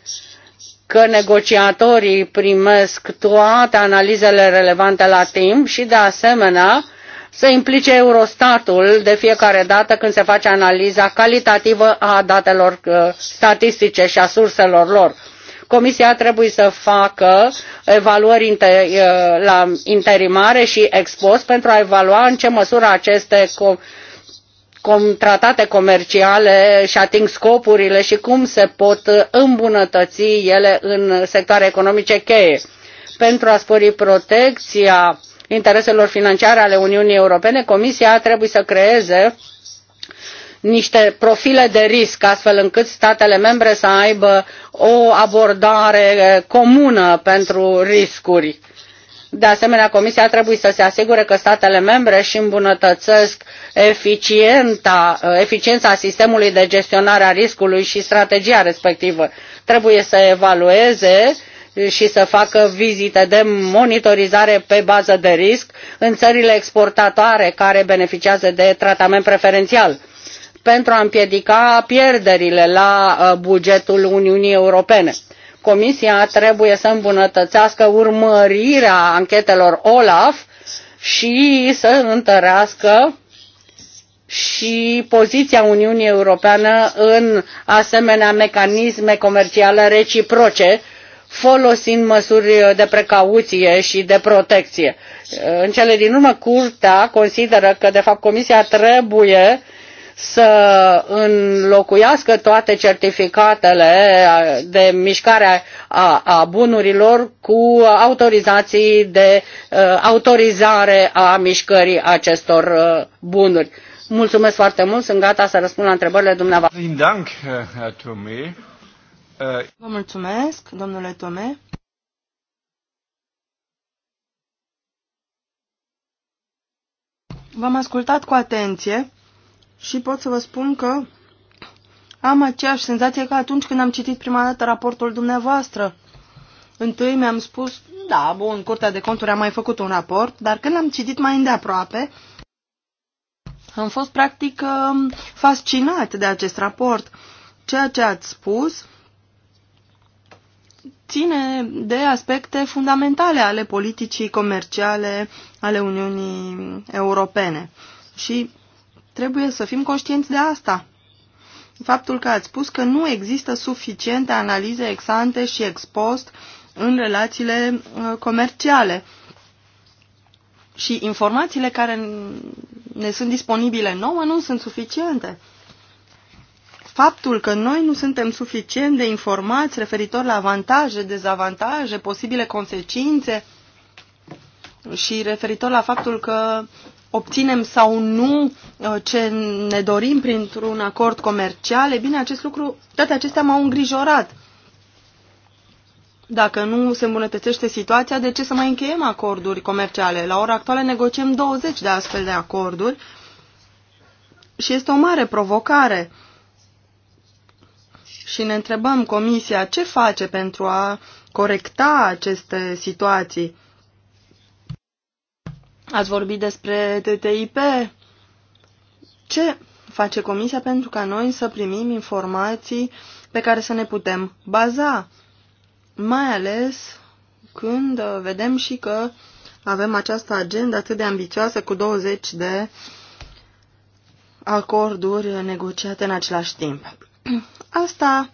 că negociatorii primesc toate analizele relevante la timp și, de asemenea, să implice Eurostatul de fiecare dată când se face analiza calitativă a datelor uh, statistice și a surselor lor Comisia trebuie să facă evaluări uh, la interimare și post pentru a evalua în ce măsură aceste tratate comerciale și ating scopurile și cum se pot îmbunătăți ele în sectoare economice cheie pentru a spori protecția intereselor financiare ale Uniunii Europene, Comisia trebuie să creeze niște profile de risc astfel încât statele membre să aibă o abordare eh, comună pentru riscuri. De asemenea, Comisia trebuie să se asigure că statele membre își îmbunătățesc eficienta, eh, eficiența sistemului de gestionare a riscului și strategia respectivă. Trebuie să evalueze și să facă vizite de monitorizare pe bază de risc în țările exportatoare care beneficiază de tratament preferențial pentru a împiedica pierderile la uh, bugetul Uniunii Europene. Comisia trebuie să îmbunătățească urmărirea anchetelor OLAF și să întărească și poziția Uniunii Europene în asemenea mecanisme comerciale reciproce, folosind măsuri de precauție și de protecție. În cele din urmă, Curtea consideră că, de fapt, Comisia trebuie să înlocuiască toate certificatele de mișcare a, a bunurilor cu autorizații de uh, autorizare a mișcării acestor uh, bunuri. Mulțumesc foarte mult, sunt gata să răspund la întrebările dumneavoastră. Uh, uh, Vă mulțumesc, domnule Tome. V-am ascultat cu atenție și pot să vă spun că am aceeași senzație ca atunci când am citit prima dată raportul dumneavoastră. Întâi mi-am spus, da, bun, Curtea de Conturi a mai făcut un raport, dar când l-am citit mai îndeaproape, am fost practic um, fascinat de acest raport. Ceea ce ați spus ține de aspecte fundamentale ale politicii comerciale ale Uniunii Europene. Și Trebuie să fim conștienți de asta. Faptul că ați spus că nu există suficiente analize exante și expost în relațiile uh, comerciale. Și informațiile care ne sunt disponibile nouă nu sunt suficiente. Faptul că noi nu suntem suficient de informați referitor la avantaje, dezavantaje, posibile consecințe și referitor la faptul că obținem sau nu uh, ce ne dorim printr-un acord comercial, e bine, acest lucru, toate acestea m-au îngrijorat. Dacă nu se îmbunătățește situația, de ce să mai încheiem acorduri comerciale? La ora actuală negociem 20 de astfel de acorduri și este o mare provocare. Și ne întrebăm Comisia ce face pentru a corecta aceste situații Ați vorbit despre TTIP. Ce face Comisia pentru ca noi să primim informații pe care să ne putem baza? Mai ales când vedem și că avem această agendă atât de ambițioasă cu 20 de acorduri negociate în același timp. Asta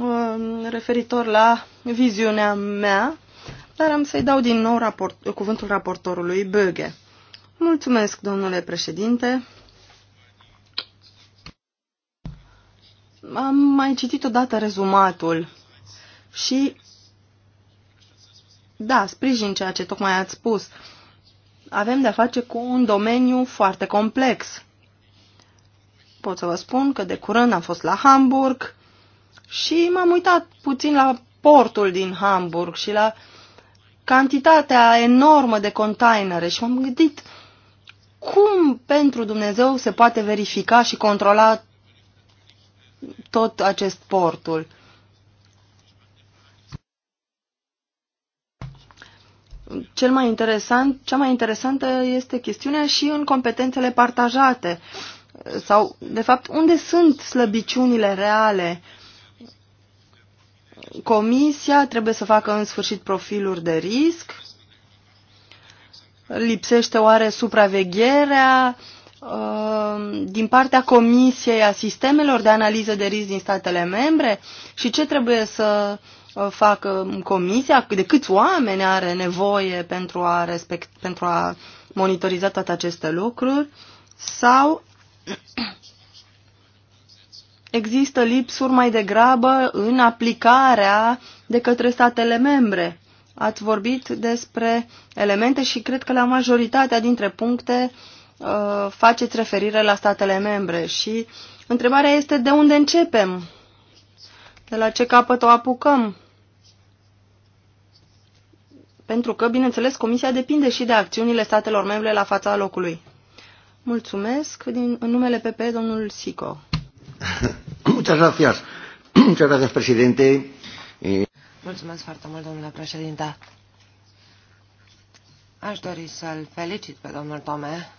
uh, referitor la viziunea mea dar am să-i dau din nou raport, cuvântul raportorului Böge. Mulțumesc, domnule președinte. Am mai citit odată rezumatul și, da, sprijin ceea ce tocmai ați spus. Avem de-a face cu un domeniu foarte complex. Pot să vă spun că de curând am fost la Hamburg și m-am uitat puțin la portul din Hamburg și la uh, cantitatea enormă de containere și m-am gândit cum pentru Dumnezeu se poate verifica și controla tot acest portul. Cel mai interesant, cea mai interesantă este chestiunea și în competențele partajate sau, de fapt, unde sunt slăbiciunile reale uh, Comisia trebuie să facă în sfârșit profiluri de risc. Lipsește oare supravegherea uh, din partea Comisiei a sistemelor de analiză de risc din statele membre și ce trebuie să uh, facă Comisia, de câți oameni are nevoie pentru a, respect, pentru a monitoriza toate aceste lucruri sau există lipsuri mai degrabă în aplicarea de către statele membre. Ați vorbit despre elemente și cred că la majoritatea dintre puncte uh, faceți referire la statele membre și întrebarea este de unde începem? De la ce capăt o apucăm? Pentru că, bineînțeles, Comisia depinde și de acțiunile statelor membre la fața locului. Mulțumesc. Din, în numele PP, domnul Sico. Muchas gracias. Muchas gracias, presidente. Eh, Mulțumesc foarte mult, domnule președinte. Aș dori să-l felicit pe domnul Tome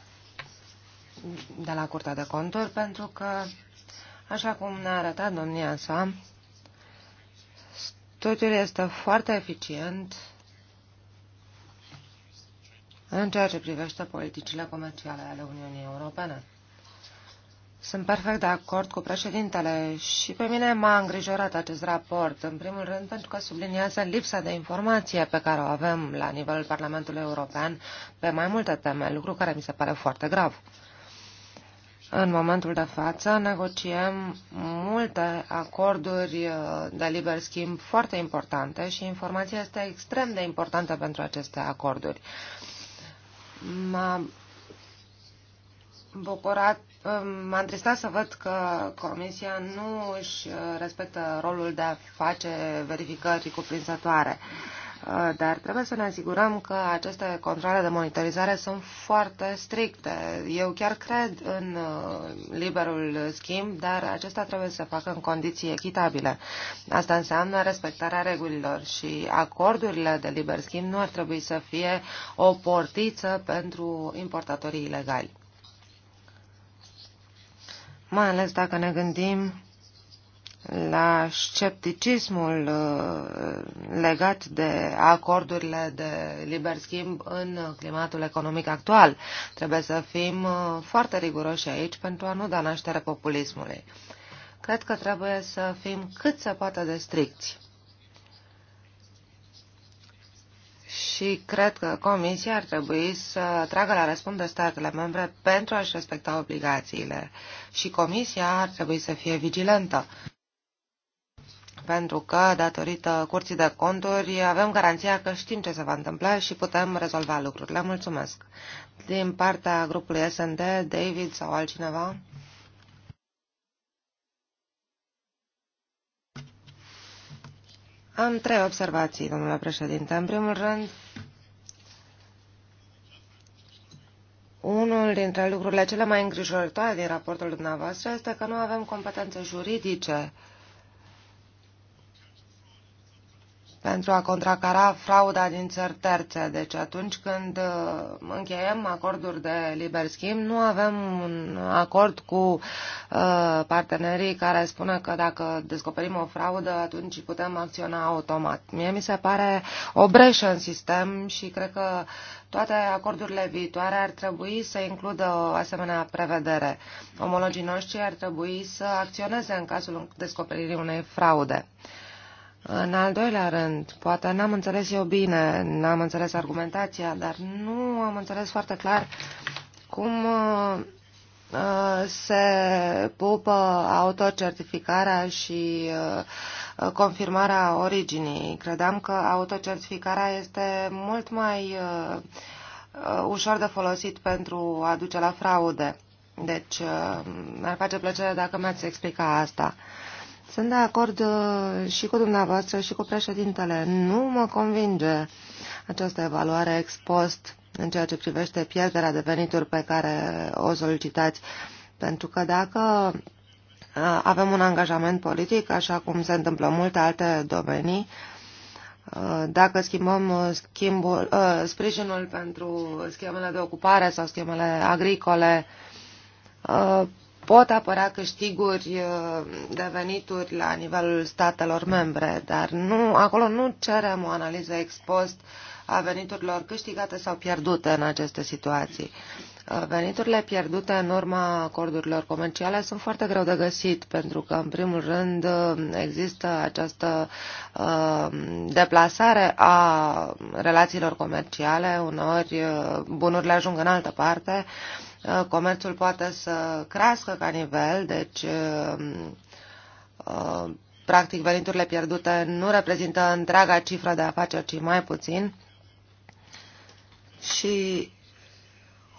de la Curtea de Conturi, pentru că, așa cum ne-a arătat domnia sa, studiul este foarte eficient în ceea ce privește politicile comerciale ale Uniunii Europene. Sunt perfect de acord cu președintele și pe mine m-a îngrijorat acest raport, în primul rând pentru că subliniază lipsa de informație pe care o avem la nivelul Parlamentului European pe mai multe teme, lucru care mi se pare foarte grav. În momentul de față negociem multe acorduri uh, de liber schimb foarte importante și informația este extrem de importantă pentru aceste acorduri bucurat, m um, am tristat să văd că Comisia nu își uh, respectă rolul de a face verificări cuprinzătoare. Uh, dar trebuie să ne asigurăm că aceste controle de monitorizare sunt foarte stricte. Eu chiar cred în uh, liberul schimb, dar acesta trebuie să se facă în condiții echitabile. Asta înseamnă respectarea regulilor și acordurile de liber schimb nu ar trebui să fie o portiță pentru importatorii ilegali mai ales dacă ne gândim la scepticismul uh, legat de acordurile de liber schimb în climatul economic actual. Trebuie să fim uh, foarte riguroși aici pentru a nu da naștere populismului. Cred că trebuie să fim cât se poate de stricți. și cred că Comisia ar trebui să tragă la răspundere statele membre pentru a-și respecta obligațiile și Comisia ar trebui să fie vigilentă. Pentru că, datorită curții de conturi, avem garanția că știm ce se va întâmpla și putem rezolva lucrurile. Mulțumesc! Din partea grupului SND, David sau altcineva? Am trei observații, domnule președinte. În primul rând, Unul dintre lucrurile cele mai îngrijorătoare din raportul dumneavoastră este că nu avem competențe juridice pentru a contracara frauda din țări terțe. Deci atunci când uh, încheiem acorduri de liber schimb, nu avem un acord cu uh, partenerii care spune că dacă descoperim o fraudă, atunci putem acționa automat. Mie mi se pare o breșă în sistem și cred că toate acordurile viitoare ar trebui să includă o asemenea prevedere. Omologii noștri ar trebui să acționeze în cazul descoperirii unei fraude. În al doilea rând, poate n-am înțeles eu bine, n-am înțeles argumentația, dar nu am înțeles foarte clar cum uh, se pupă autocertificarea și uh, Uh, confirmarea originii. Credeam că autocertificarea este mult mai uh, uh, ușor de folosit pentru a duce la fraude. Deci, mi-ar face plăcere dacă mi-ați explica asta. Sunt de acord și cu dumneavoastră și cu președintele. Nu mă convinge această evaluare ex post în ceea ce privește pierderea de venituri pe care o solicitați. Pentru că dacă Uh, avem un angajament politic, așa cum se întâmplă în multe alte domenii. Uh, dacă schimbăm uh, schimbul, sprijinul pentru schemele de ocupare sau schemele agricole, pot apărea câștiguri de venituri la nivelul statelor membre, dar nu, acolo nu cerem o analiză expost a veniturilor câștigate sau pierdute în aceste situații. Veniturile pierdute în urma acordurilor comerciale sunt foarte greu de găsit, pentru că, în primul rând, există această uh, deplasare a relațiilor comerciale, uneori uh, bunurile ajung în altă parte, uh, comerțul poate să crească ca nivel, deci practic veniturile pierdute nu reprezintă întreaga cifră de afaceri, ci mai puțin. Și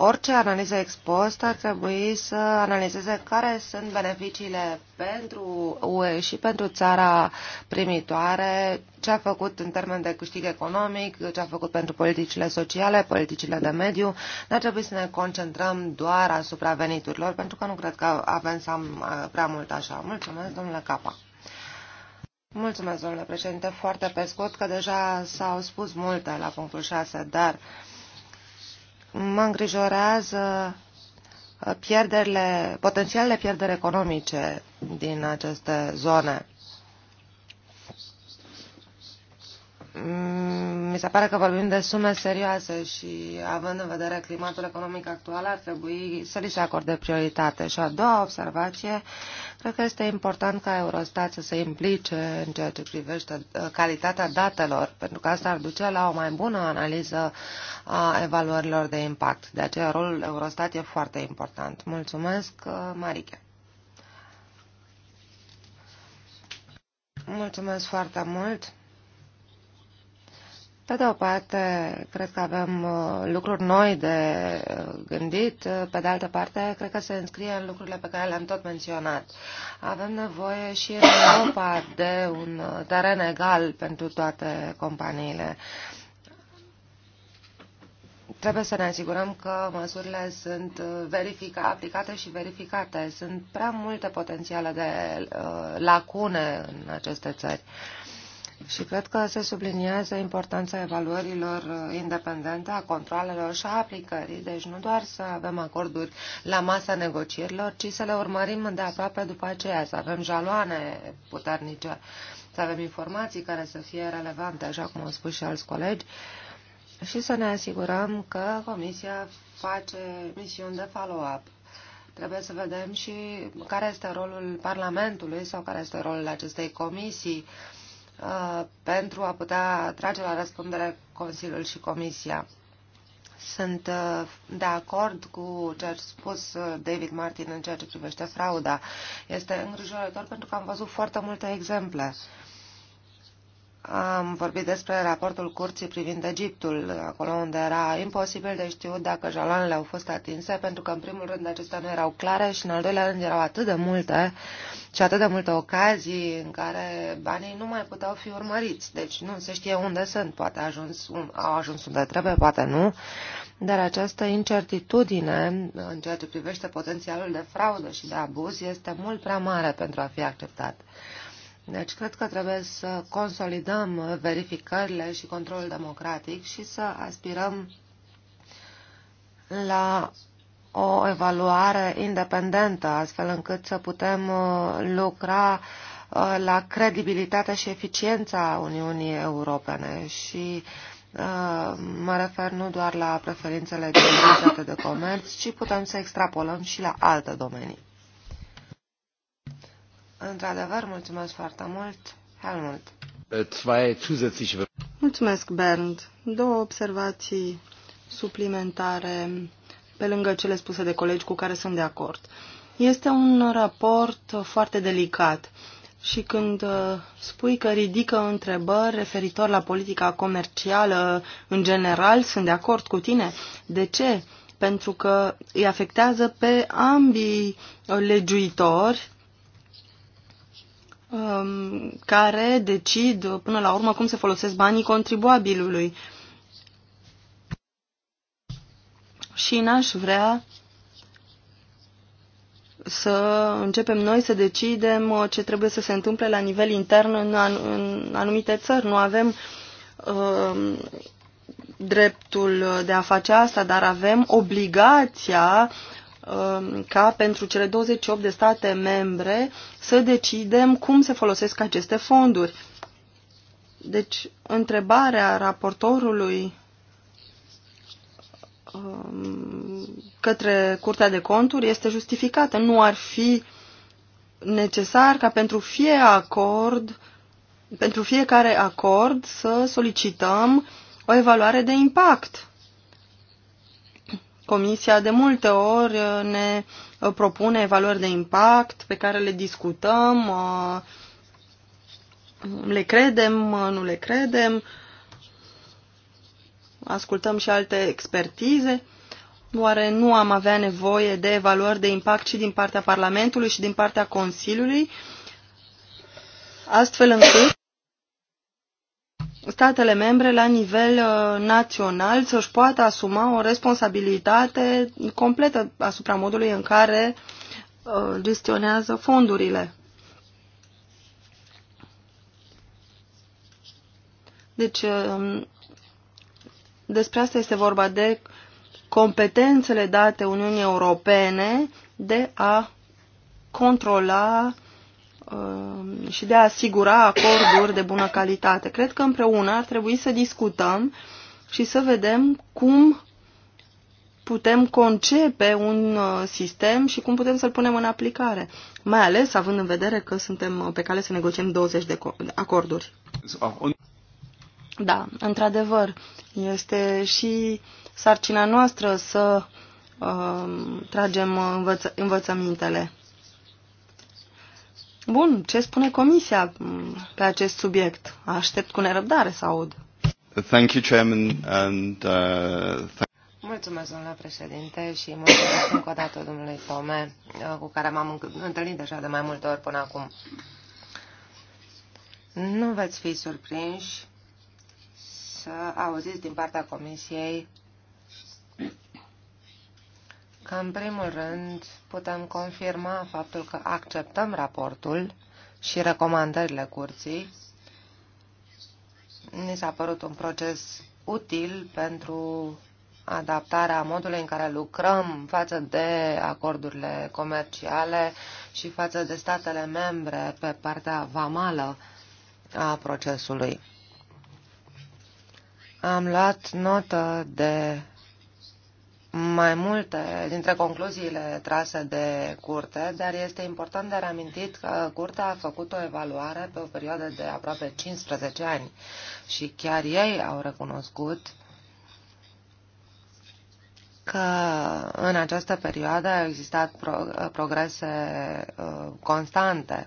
Orice analiză expost ar trebui să analizeze care sunt beneficiile pentru UE și pentru țara primitoare, ce a făcut în termen de câștig economic, ce a făcut pentru politicile sociale, politicile de mediu. Nu ar trebui să ne concentrăm doar asupra veniturilor, pentru că nu cred că avem uh, prea mult așa. Mulțumesc, domnule Capa. Mulțumesc, domnule președinte. Foarte pe scurt, că deja s-au spus multe la punctul 6, dar mă îngrijorează uh, pierderile, potențialele pierderi economice din aceste zone. Mm, mi se pare că vorbim de sume serioase și având în vedere climatul economic actual ar trebui să li se acorde prioritate. Și a doua observație, cred că este important ca Eurostat să se implice în ceea ce privește uh, calitatea datelor, pentru că asta ar duce la o mai bună analiză a evaluărilor de impact. De aceea rolul Eurostat e foarte important. Mulțumesc, uh, Marike. Mulțumesc foarte mult. Pe de o parte, cred că avem uh, lucruri noi de uh, gândit, uh, pe de altă parte, cred că se înscrie în lucrurile pe care le-am tot menționat. Avem nevoie și în Europa de un teren egal pentru toate companiile. Trebuie să ne asigurăm că măsurile sunt verifica, aplicate și verificate. Sunt prea multe potențiale de lacune în aceste țări. Uh, și cred că se subliniază importanța evaluărilor uh, independente, a controlelor și a aplicării. Deci nu doar să avem acorduri la masa negocierilor, ci să le urmărim de aproape după aceea, să avem jaloane puternice, să avem informații care să fie relevante, așa cum au spus și alți colegi, și să ne asigurăm că Comisia face misiuni de follow-up trebuie să vedem și care este rolul Parlamentului sau care este rolul acestei comisii Uh, pentru a putea trage la răspundere Consiliul și Comisia. Sunt uh, de acord cu ce a spus uh, David Martin în ceea ce privește frauda. Este îngrijorător pentru că am văzut foarte multe exemple. Am vorbit despre raportul curții privind Egiptul, acolo unde era imposibil de știut dacă jaloanele au fost atinse, pentru că, în primul rând, acestea nu erau clare și, în al doilea rând, erau atât de multe și atât de multe ocazii în care banii nu mai puteau fi urmăriți. Deci nu se știe unde sunt, poate ajuns, au ajuns unde trebuie, poate nu, dar această incertitudine în ceea ce privește potențialul de fraudă și de abuz este mult prea mare pentru a fi acceptat. Deci cred că trebuie să consolidăm verificările și controlul democratic și să aspirăm la o evaluare independentă, astfel încât să putem uh, lucra uh, la credibilitatea și eficiența Uniunii Europene și uh, mă refer nu doar la preferințele de de comerț, ci putem să extrapolăm și la alte domenii. Într-adevăr, mulțumesc foarte mult, Helmut. Mulțumesc, Bernd. Două observații suplimentare pe lângă cele spuse de colegi cu care sunt de acord. Este un raport foarte delicat și când uh, spui că ridică întrebări referitor la politica comercială în general, sunt de acord cu tine. De ce? Pentru că îi afectează pe ambii legiuitori Um, care decid până la urmă cum se folosesc banii contribuabilului. Și n-aș vrea să începem noi să decidem uh, ce trebuie să se întâmple la nivel intern în, an, în anumite țări. Nu avem uh, dreptul de a face asta, dar avem obligația Um, ca pentru cele 28 de state membre să decidem cum se folosesc aceste fonduri. Deci, întrebarea raportorului um, către Curtea de Conturi este justificată. Nu ar fi necesar ca pentru fie acord, pentru fiecare acord să solicităm o evaluare de impact Comisia de multe ori uh, ne uh, propune evaluări de impact pe care le discutăm, uh, le credem, nu le credem, ascultăm și alte expertize. Oare nu am avea nevoie de evaluări de impact și din partea Parlamentului și din partea Consiliului, astfel încât statele membre la nivel uh, național să-și poată asuma o responsabilitate completă asupra modului în care uh, gestionează fondurile. Deci, um, despre asta este vorba de competențele date Uniunii Europene de a controla Uh, și de a asigura acorduri de bună calitate. Cred că împreună ar trebui să discutăm și să vedem cum putem concepe un uh, sistem și cum putem să-l punem în aplicare, mai ales având în vedere că suntem uh, pe cale să negociem 20 de acorduri. Da, într-adevăr, este și sarcina noastră să uh, tragem învăț învățămintele. Bun, ce spune Comisia pe acest subiect? Aștept cu nerăbdare să aud. Thank you, Chairman, and, uh, thank Mulțumesc, domnule președinte, și mulțumesc încă o dată domnului Tome, uh, cu care m-am întâlnit deja de mai multe ori până acum. Nu veți fi surprinși să auziți din partea Comisiei în primul rând, putem confirma faptul că acceptăm raportul și recomandările curții. Ni s-a părut un proces util pentru adaptarea modului în care lucrăm față de acordurile comerciale și față de statele membre pe partea vamală a procesului. Am luat notă de mai multe dintre concluziile trase de curte, dar este important de reamintit că curtea a făcut o evaluare pe o perioadă de aproape 15 ani și chiar ei au recunoscut că în această perioadă au existat progrese uh, constante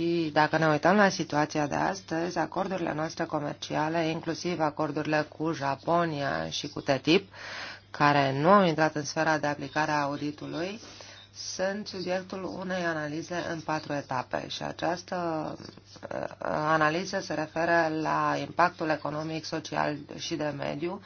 și dacă ne uităm la situația de astăzi, acordurile noastre comerciale, inclusiv acordurile cu Japonia și cu TTIP, care nu au intrat în sfera de aplicare a auditului, sunt subiectul unei analize în patru etape și această uh, analiză se referă la impactul economic, social și de mediu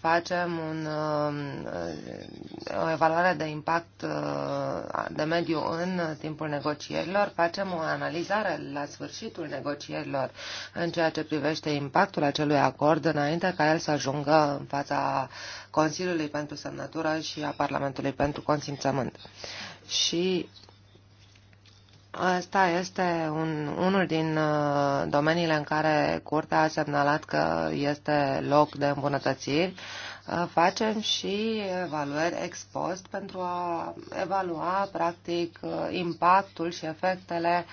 facem un, uh, o evaluare de impact uh, de mediu în timpul negocierilor, facem o analizare la sfârșitul negocierilor în ceea ce privește impactul acelui acord înainte ca el să ajungă în fața Consiliului pentru Semnătură și a Parlamentului pentru Consimțământ. Și Asta este un, unul din uh, domeniile în care Curtea a semnalat că este loc de îmbunătățiri. Uh, facem și evaluări ex post pentru a evalua, practic, uh, impactul și efectele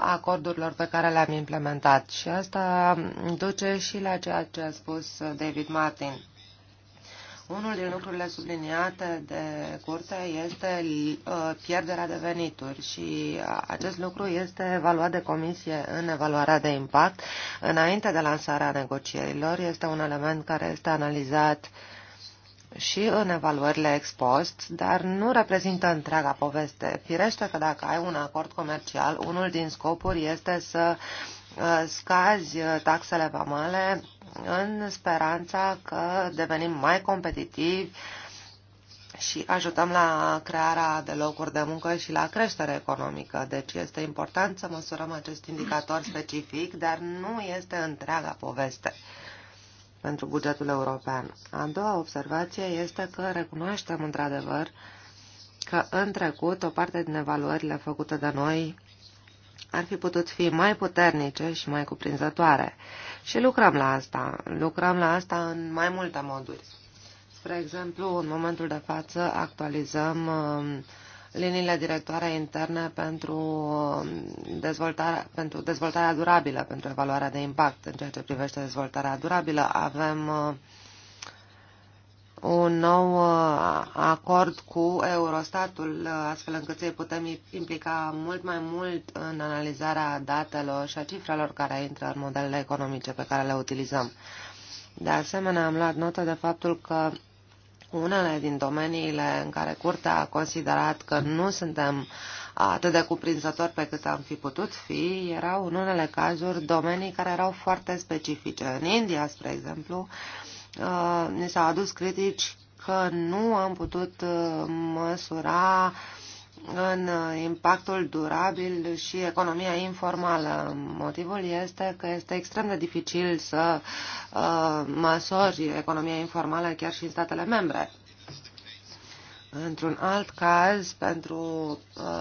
acordurilor pe care le-am implementat. Și asta duce și la ceea ce a spus David Martin unul din lucrurile subliniate de curte este uh, pierderea de venituri și uh, acest lucru este evaluat de comisie în evaluarea de impact. Înainte de lansarea negocierilor este un element care este analizat și în evaluările expost, dar nu reprezintă întreaga poveste. Firește că dacă ai un acord comercial, unul din scopuri este să uh, scazi taxele vamale în speranța că devenim mai competitivi și ajutăm la crearea de locuri de muncă și la creștere economică. Deci este important să măsurăm acest indicator specific, dar nu este întreaga poveste pentru bugetul european. A doua observație este că recunoaștem într-adevăr că în trecut o parte din evaluările făcute de noi ar fi putut fi mai puternice și mai cuprinzătoare. Și lucrăm la asta. Lucrăm la asta în mai multe moduri. Spre exemplu, în momentul de față actualizăm um, liniile directoare interne pentru um, dezvoltarea, pentru dezvoltarea durabilă, pentru evaluarea de impact. În ceea ce privește dezvoltarea durabilă, avem uh, un nou uh, acord cu Eurostatul, uh, astfel încât să-i putem implica mult mai mult în analizarea datelor și a cifrelor care intră în modelele economice pe care le utilizăm. De asemenea, am luat notă de faptul că unele din domeniile în care Curtea a considerat că nu suntem atât de cuprinzători pe cât am fi putut fi, erau în unele cazuri domenii care erau foarte specifice. În India, spre exemplu, uh, Uh, ne s-au adus critici că nu am putut uh, măsura în uh, impactul durabil și economia informală. Motivul este că este extrem de dificil să măsori economia informală chiar și în statele membre. Într-un alt caz, pentru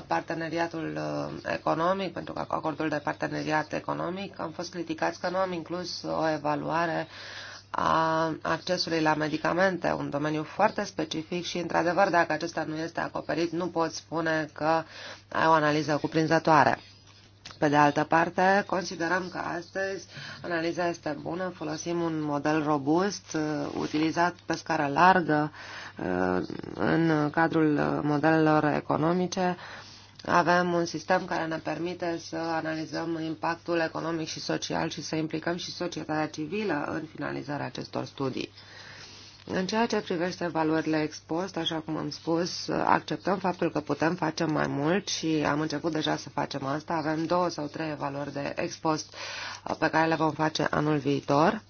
parteneriatul economic, pentru acordul de parteneriat economic, am fost criticați că nu am inclus o evaluare a accesului la medicamente, un domeniu foarte specific și, într-adevăr, dacă acesta nu este acoperit, nu pot spune că ai o analiză cuprinzătoare. Pe de altă parte, considerăm că astăzi analiza este bună, folosim un model robust, uh, utilizat pe scară largă uh, în cadrul modelelor economice, avem un sistem care ne permite să analizăm impactul economic și social și să implicăm și societatea civilă în finalizarea acestor studii. În ceea ce privește valorile expost, așa cum am spus, acceptăm faptul că putem face mai mult și am început deja să facem asta. Avem două sau trei valori de expost pe care le vom face anul viitor.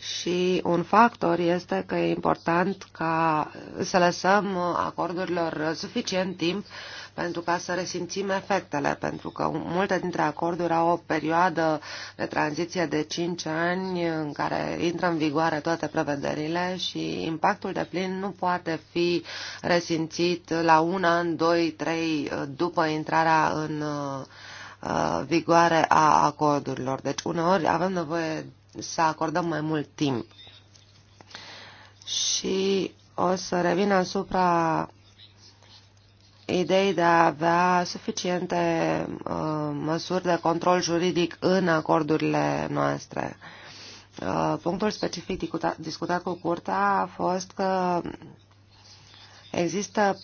Și un factor este că e important ca să lăsăm acordurilor suficient timp uh, pentru ca să resimțim efectele, pentru că multe dintre acorduri au o perioadă de tranziție de 5 ani în care intră în vigoare toate prevederile și impactul de plin nu poate fi resimțit la un an, doi, trei după intrarea în uh, vigoare a acordurilor. Deci uneori avem nevoie să acordăm mai mult timp. Și o să revin asupra idei de a avea suficiente uh, măsuri de control juridic în acordurile noastre. Uh, punctul specific discutat, discutat cu Curtea a fost că există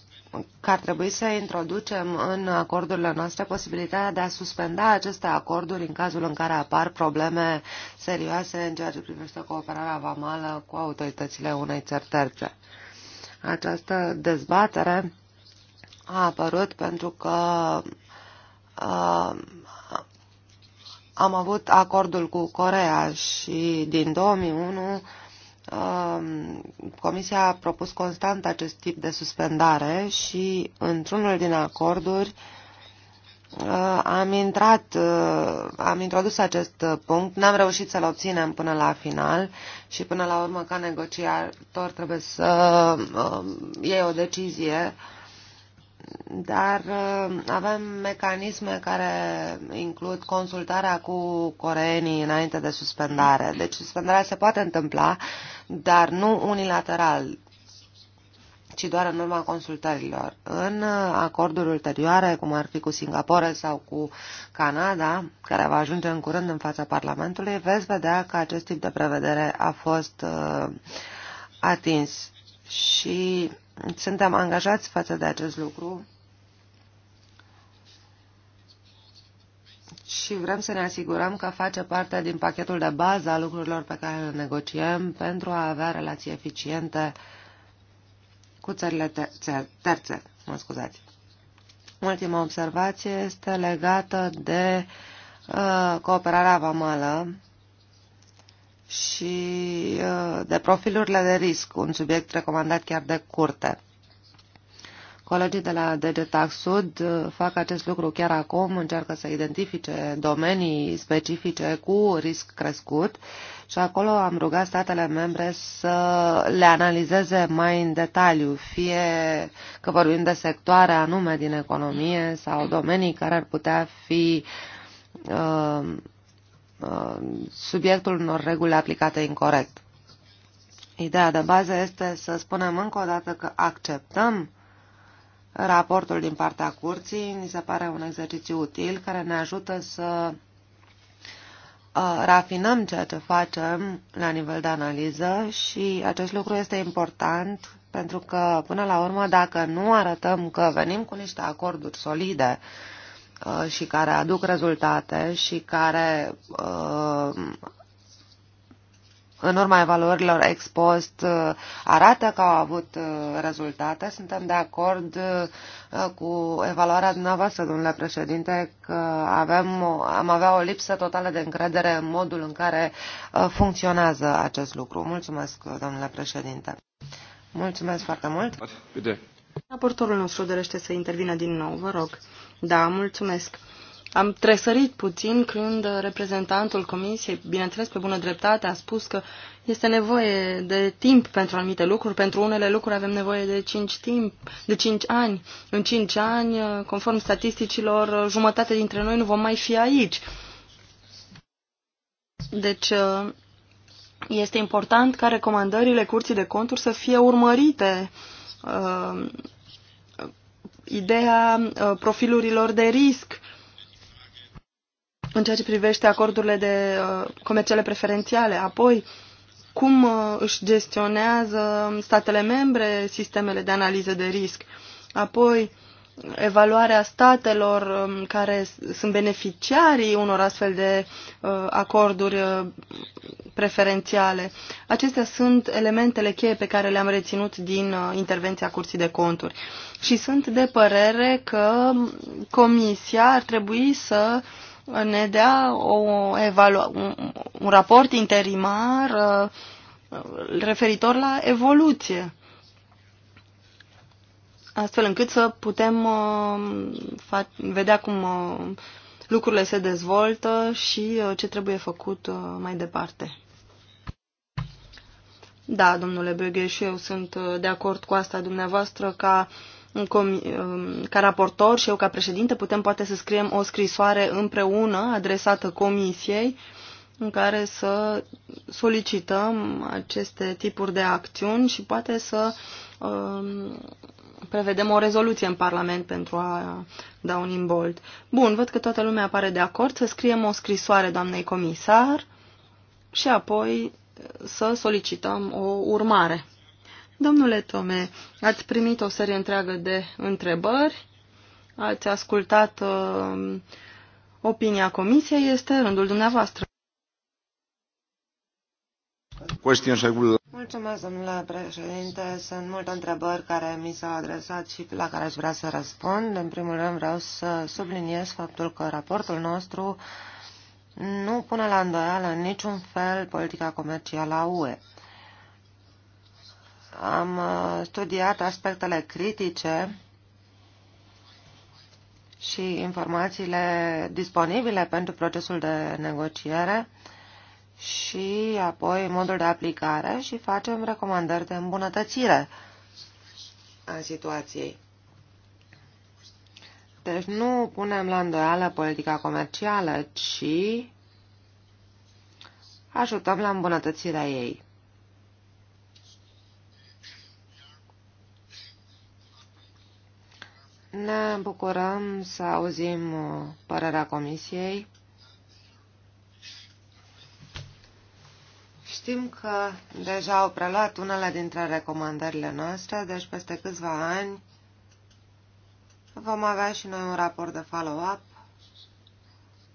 că ar trebui să introducem în acordurile noastre posibilitatea de a suspenda aceste acorduri în cazul în care apar probleme serioase în ceea ce privește cooperarea vamală cu autoritățile unei țări terțe. Această dezbatere a apărut pentru că uh, am avut acordul cu Corea și din 2001 uh, Comisia a propus constant acest tip de suspendare și într-unul din acorduri uh, am intrat, uh, am introdus acest punct, n-am reușit să-l obținem până la final și până la urmă ca negociator trebuie să uh, iei o decizie uh, dar uh, avem mecanisme care includ consultarea cu coreenii înainte de suspendare. Deci suspendarea se poate întâmpla, dar nu unilateral, ci doar în urma consultărilor. În uh, acorduri ulterioare, cum ar fi cu Singapore sau cu Canada, care va ajunge în curând în fața Parlamentului, veți vedea că acest tip de prevedere a fost uh, atins. Și suntem angajați față de acest lucru și vrem să ne asigurăm că face parte din pachetul de bază a lucrurilor pe care le negociem pentru a avea relații eficiente cu țările terțe. Mă scuzați. Ultima observație este legată de uh, cooperarea vamală și uh, de profilurile de risc, un subiect recomandat chiar de curte. Colegii de la DGTAC Sud uh, fac acest lucru chiar acum, încearcă să identifice domenii specifice cu risc crescut și acolo am rugat statele membre să le analizeze mai în detaliu, fie că vorbim de sectoare anume din economie sau domenii care ar putea fi uh, subiectul unor reguli aplicate incorrect. Ideea de bază este să spunem încă o dată că acceptăm raportul din partea curții, ni se pare un exercițiu util care ne ajută să uh, rafinăm ceea ce facem la nivel de analiză și acest lucru este important pentru că, până la urmă, dacă nu arătăm că venim cu niște acorduri solide uh, Uh, și care aduc rezultate și care uh, în urma evaluărilor ex post uh, arată că au avut rezultate. Suntem de acord cu evaluarea dumneavoastră, domnule președinte, că avem, am avea o lipsă totală de încredere în modul în care funcționează acest lucru. Mulțumesc, domnule președinte. Mulțumesc foarte mult. Raportorul nostru dorește să intervină din nou, vă rog. Da, mulțumesc. Am tresărit puțin când reprezentantul comisiei, bineînțeles pe bună dreptate, a spus că este nevoie de timp pentru anumite lucruri. Pentru unele lucruri avem nevoie de 5, timp, de 5 ani. În 5 ani, conform statisticilor, jumătate dintre noi nu vom mai fi aici. Deci este important ca recomandările curții de conturi să fie urmărite uh, ideea uh, profilurilor de risc în ceea ce privește acordurile de uh, comerciale preferențiale. Apoi, cum uh, își gestionează statele membre sistemele de analiză de risc. Apoi, evaluarea statelor um, care sunt beneficiarii unor astfel de uh, acorduri uh, preferențiale. Acestea sunt elementele cheie pe care le-am reținut din uh, intervenția Curții de Conturi. Și sunt de părere că Comisia ar trebui să ne dea o evalu- un, un raport interimar referitor la evoluție astfel încât să putem uh, vedea cum uh, lucrurile se dezvoltă și uh, ce trebuie făcut uh, mai departe. Da, domnule Beghe, și eu sunt uh, de acord cu asta dumneavoastră ca, um, um, ca raportor și eu ca președinte putem poate să scriem o scrisoare împreună adresată comisiei în care să solicităm aceste tipuri de acțiuni și poate să um, prevedem o rezoluție în Parlament pentru a da un imbold. Bun, văd că toată lumea apare de acord să scriem o scrisoare doamnei comisar și apoi să solicităm o urmare. Domnule Tome, ați primit o serie întreagă de întrebări, ați ascultat uh, opinia comisiei, este rândul dumneavoastră. Mulțumesc, domnule președinte. Sunt multe întrebări care mi s-au adresat și la care aș vrea să răspund. În primul rând vreau să subliniez faptul că raportul nostru nu pune la îndoială în niciun fel politica comercială a UE. Am uh, studiat aspectele critice și informațiile disponibile pentru procesul de negociere și apoi modul de aplicare și facem recomandări de îmbunătățire a situației. Deci nu punem la îndoială politica comercială, ci ajutăm la îmbunătățirea ei. Ne bucurăm să auzim părerea Comisiei Știm că deja au preluat unele dintre recomandările noastre, deci peste câțiva ani vom avea și noi un raport de follow-up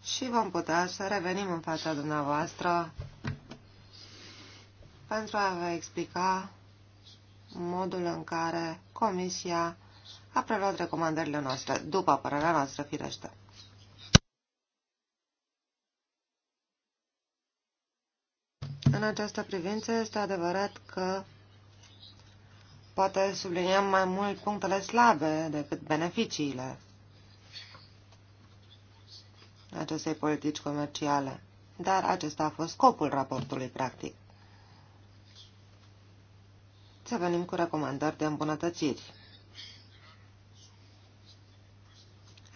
și vom putea să revenim în fața dumneavoastră pentru a vă explica modul în care Comisia a preluat recomandările noastre, după părerea noastră, firește. În această privință este adevărat că poate subliniem mai mult punctele slabe decât beneficiile acestei politici comerciale. Dar acesta a fost scopul raportului, practic. Să venim cu recomandări de îmbunătățiri.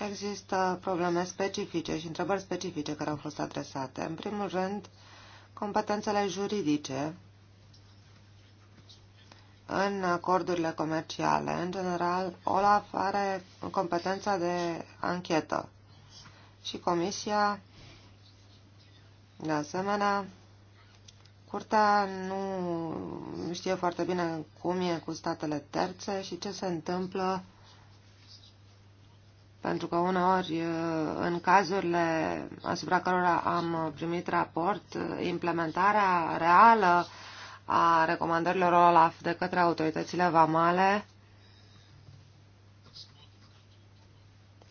Există probleme specifice și întrebări specifice care au fost adresate. În primul rând, competențele juridice în acordurile comerciale. În general, OLAF are competența de anchetă și Comisia, de asemenea, Curtea nu știe foarte bine cum e cu statele terțe și ce se întâmplă pentru că uneori, uh, în cazurile asupra cărora am primit raport, implementarea reală a recomandărilor OLAF de către autoritățile vamale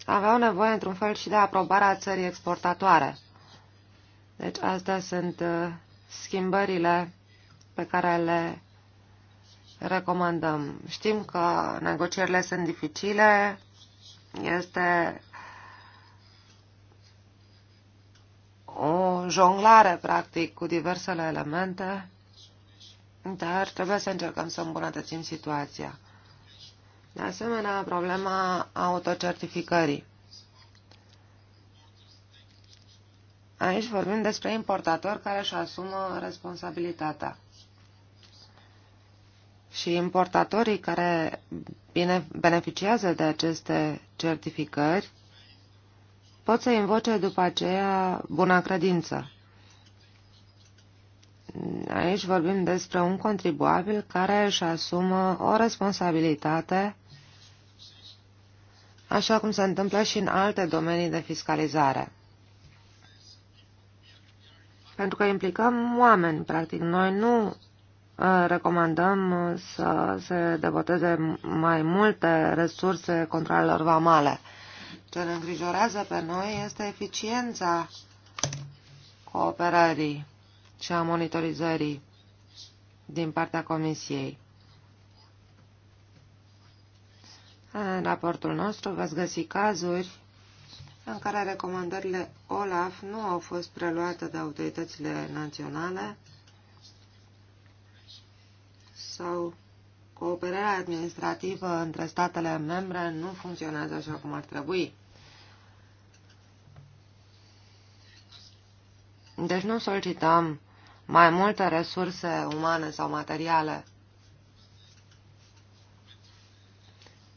aveau nevoie, într-un fel, și de aprobarea țării exportatoare. Deci astea sunt uh, schimbările pe care le recomandăm. Știm că negocierile sunt dificile, este o jonglare, practic, cu diversele elemente, dar trebuie să încercăm să îmbunătățim situația. De asemenea, problema autocertificării. Aici vorbim despre importatori care își asumă responsabilitatea și importatorii care beneficiază de aceste certificări pot să invoce după aceea buna credință. Aici vorbim despre un contribuabil care își asumă o responsabilitate, așa cum se întâmplă și în alte domenii de fiscalizare. Pentru că implicăm oameni, practic noi nu recomandăm să se deboteze mai multe resurse controlelor vamale. Ce ne îngrijorează pe noi este eficiența cooperării și a monitorizării din partea Comisiei. În raportul nostru veți găsi cazuri în care recomandările OLAF nu au fost preluate de autoritățile naționale, sau cooperarea administrativă între statele membre nu funcționează așa cum ar trebui. Deci nu solicităm mai multe resurse umane sau materiale,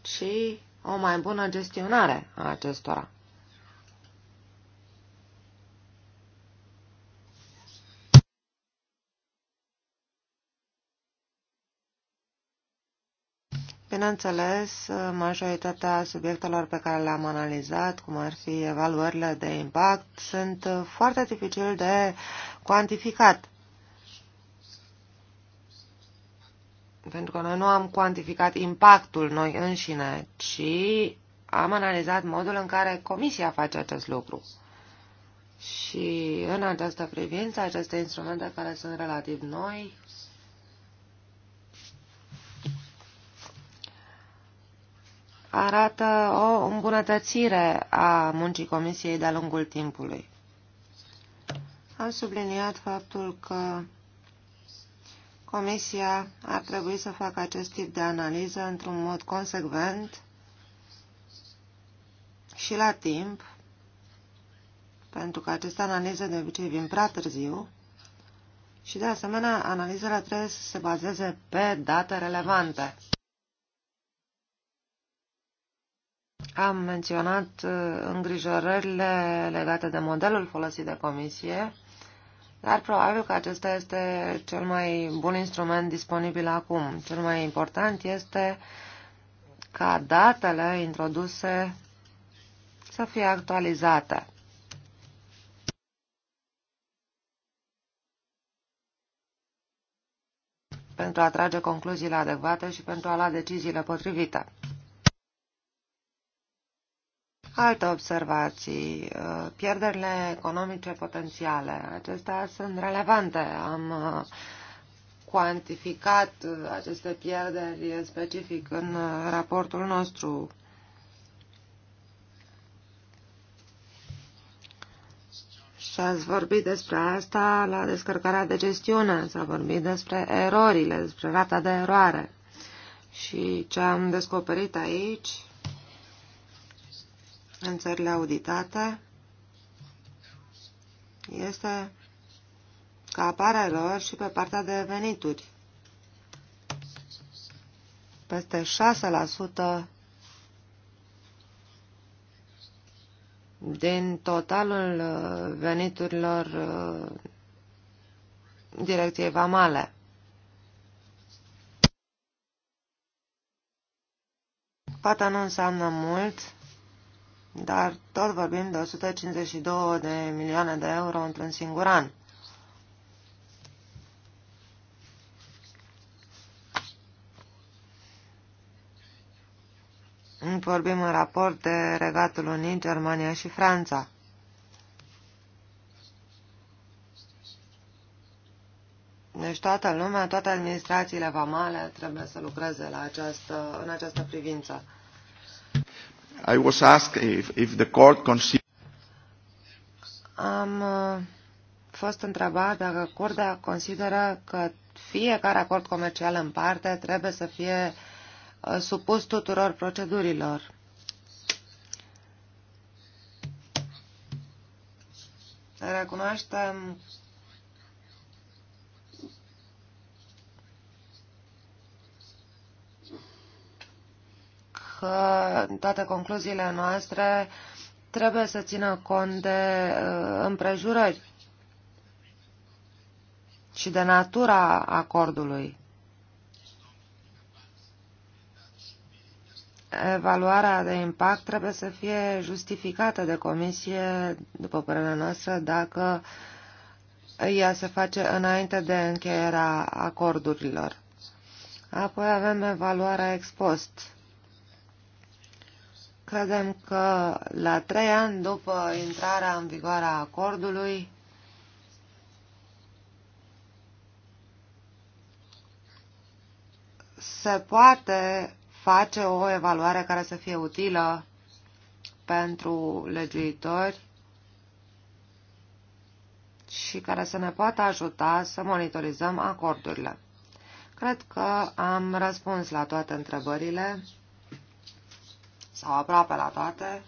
ci o mai bună gestionare a acestora. Bineînțeles, majoritatea subiectelor pe care le-am analizat, cum ar fi evaluările de impact, sunt foarte dificil de cuantificat. Pentru că noi nu am cuantificat impactul noi înșine, ci am analizat modul în care Comisia face acest lucru. Și în această privință, aceste instrumente care sunt relativ noi arată o îmbunătățire a muncii Comisiei de-a lungul timpului. Am subliniat faptul că Comisia ar trebui să facă acest tip de analiză într-un mod consecvent și la timp, pentru că aceste analize de obicei vin prea târziu, și de asemenea analizele trebuie să se bazeze pe date relevante. Am menționat uh, îngrijorările legate de modelul folosit de comisie, dar probabil că acesta este cel mai bun instrument disponibil acum. Cel mai important este ca datele introduse să fie actualizate. pentru a trage concluziile adecvate și pentru a lua deciziile potrivite. Alte observații, uh, pierderile economice potențiale, acestea sunt relevante. Am uh, cuantificat uh, aceste pierderi specific în raportul nostru. Și ați vorbit despre asta la descărcarea de gestiune, s-a vorbit despre erorile, despre rata de eroare. Și ce am descoperit aici în țările auditate este că apar lor și pe partea de venituri. Peste 6% din totalul uh, veniturilor uh, direcției vamale. Poate nu înseamnă mult, dar tot vorbim de 152 de milioane de euro într-un singur an. Vorbim în raport de Regatul Unit, Germania și Franța. Deci toată lumea, toate administrațiile vamale trebuie să lucreze la această, în această privință. I was asked if, if the court considered. Am uh, fost întrebat dacă Curtea consideră că fiecare acord comercial în parte trebuie să fie uh, supus tuturor procedurilor. Recunoaștem că toate concluziile noastre trebuie să țină cont de uh, împrejurări și de natura acordului. Evaluarea de impact trebuie să fie justificată de comisie, după părerea noastră, dacă ea se face înainte de încheierea acordurilor. Apoi avem evaluarea ex post. Credem că la trei ani după intrarea în vigoare a acordului, se poate face o evaluare care să fie utilă pentru legiuitori și care să ne poată ajuta să monitorizăm acordurile. Cred că am răspuns la toate întrebările sau aproape la toate.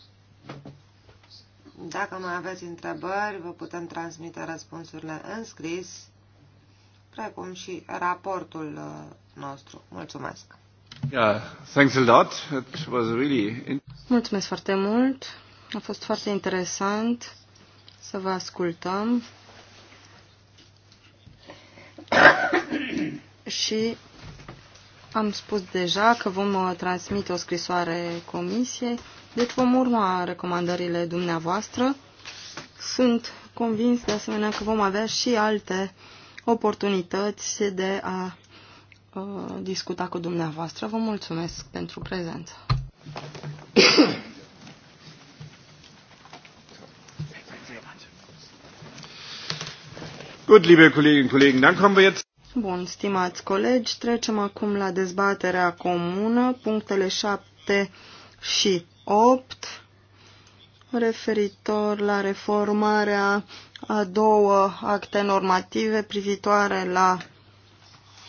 Dacă mai aveți întrebări, vă putem transmite răspunsurile în scris, precum și raportul uh, nostru. Mulțumesc! Yeah, thanks a lot. It was really Mulțumesc foarte mult. A fost foarte interesant să vă ascultăm. și am spus deja că vom uh, transmite o scrisoare comisiei, deci vom urma recomandările dumneavoastră. Sunt convins de asemenea că vom avea și alte oportunități de a uh, discuta cu dumneavoastră. Vă mulțumesc pentru prezență. Gut, liebe Kolleginnen und Kollegen, dann kommen wir jetzt Bun, stimați colegi, trecem acum la dezbaterea comună, punctele 7 și 8, referitor la reformarea a două acte normative privitoare la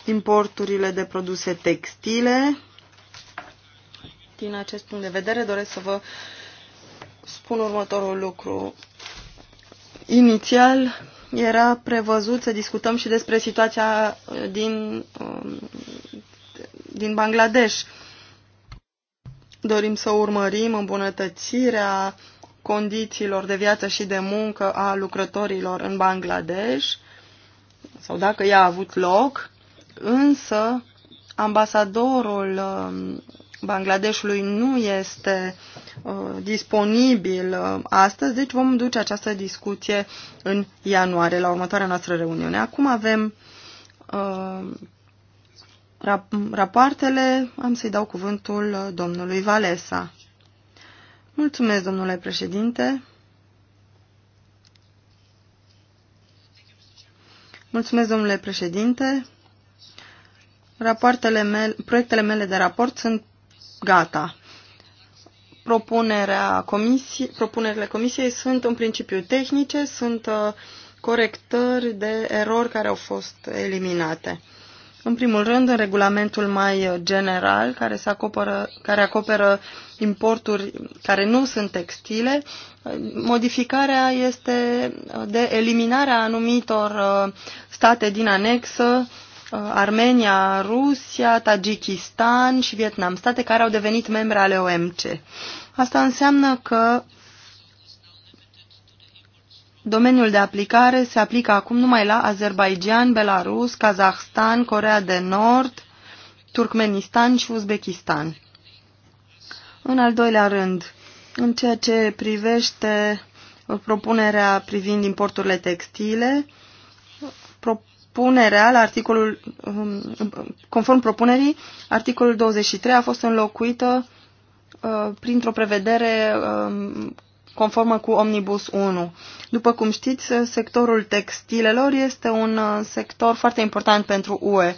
importurile de produse textile. Din acest punct de vedere doresc să vă spun următorul lucru. Inițial, era prevăzut să discutăm și despre situația uh, din, um, din Bangladesh. Dorim să urmărim îmbunătățirea condițiilor de viață și de muncă a lucrătorilor în Bangladesh sau dacă ea a avut loc, însă ambasadorul um, Bangladeshului nu este uh, disponibil uh, astăzi, deci vom duce această discuție în ianuarie, la următoarea noastră reuniune. Acum avem uh, rapoartele, am să-i dau cuvântul domnului Valesa. Mulțumesc, domnule președinte. Mulțumesc, domnule președinte. Rapoartele mele, proiectele mele de raport sunt gata. Propunerea comisie, propunerile comisiei sunt în principiu tehnice, sunt uh, corectări de erori care au fost eliminate. În primul rând, în regulamentul mai general, care, se acoperă, care acoperă importuri care nu sunt textile, modificarea este de eliminarea anumitor uh, state din anexă Uh, Armenia, Rusia, Tajikistan și Vietnam, state care au devenit membre ale OMC. Asta înseamnă că domeniul de aplicare se aplică acum numai la Azerbaijan, Belarus, Kazahstan, Corea de Nord, Turkmenistan și Uzbekistan. În al doilea rând, în ceea ce privește propunerea privind importurile textile, propunerea la articolul, um, conform propunerii, articolul 23 a fost înlocuită uh, printr-o prevedere um, conformă cu Omnibus 1. După cum știți, sectorul textilelor este un uh, sector foarte important pentru UE.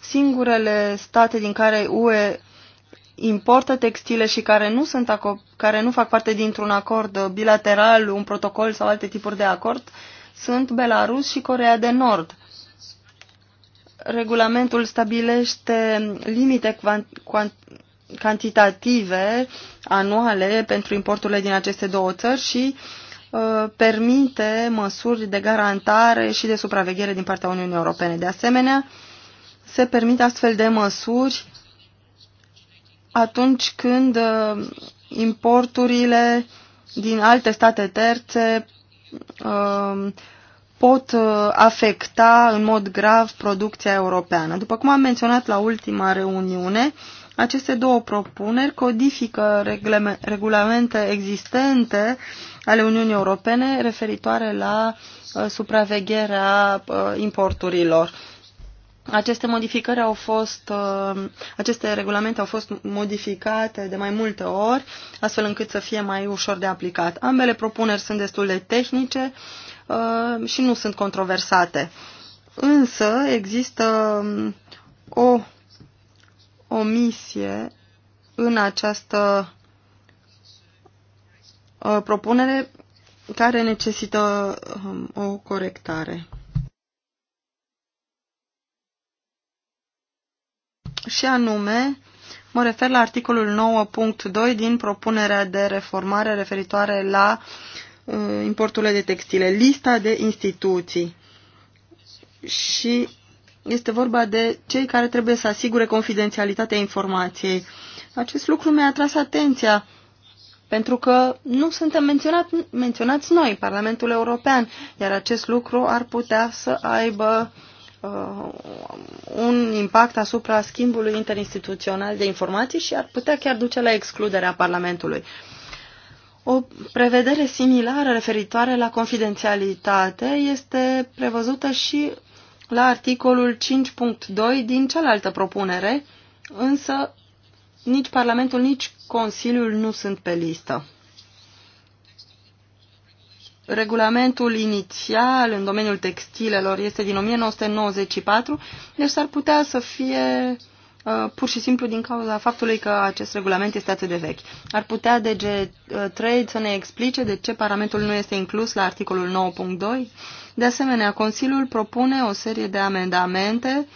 Singurele state din care UE importă textile și care nu, sunt care nu fac parte dintr-un acord bilateral, un protocol sau alte tipuri de acord, sunt Belarus și Corea de Nord regulamentul stabilește limite cantitative anuale pentru importurile din aceste două țări și uh, permite măsuri de garantare și de supraveghere din partea Uniunii Europene. De asemenea, se permit astfel de măsuri atunci când uh, importurile din alte state terțe uh, pot uh, afecta în mod grav producția europeană. După cum am menționat la ultima reuniune, aceste două propuneri codifică regulamente existente ale Uniunii Europene referitoare la uh, supravegherea uh, importurilor. Aceste modificări au fost, aceste regulamente au fost modificate de mai multe ori, astfel încât să fie mai ușor de aplicat. Ambele propuneri sunt destul de tehnice Uh, și nu sunt controversate. Însă există um, o omisie în această uh, propunere care necesită um, o corectare. Și anume, mă refer la articolul 9.2 din propunerea de reformare referitoare la uh, Uh, importurile de textile, lista de instituții. Și este vorba de cei care trebuie să asigure confidențialitatea informației. Acest lucru mi-a atras atenția, pentru că nu suntem menționat, menționați noi, Parlamentul European, iar acest lucru ar putea să aibă uh, un impact asupra schimbului interinstituțional de informații și ar putea chiar duce la excluderea Parlamentului. Uh, o prevedere similară referitoare la confidențialitate este prevăzută și la articolul 5.2 din cealaltă propunere, însă nici Parlamentul, nici Consiliul nu sunt pe listă. Regulamentul inițial în domeniul textilelor este din 1994, deci s-ar putea să fie Uh, pur și simplu din cauza faptului că acest regulament este atât de vechi. Ar putea DG uh, Trade să ne explice de ce parametrul nu este inclus la articolul 9.2? De asemenea, Consiliul propune o serie de amendamente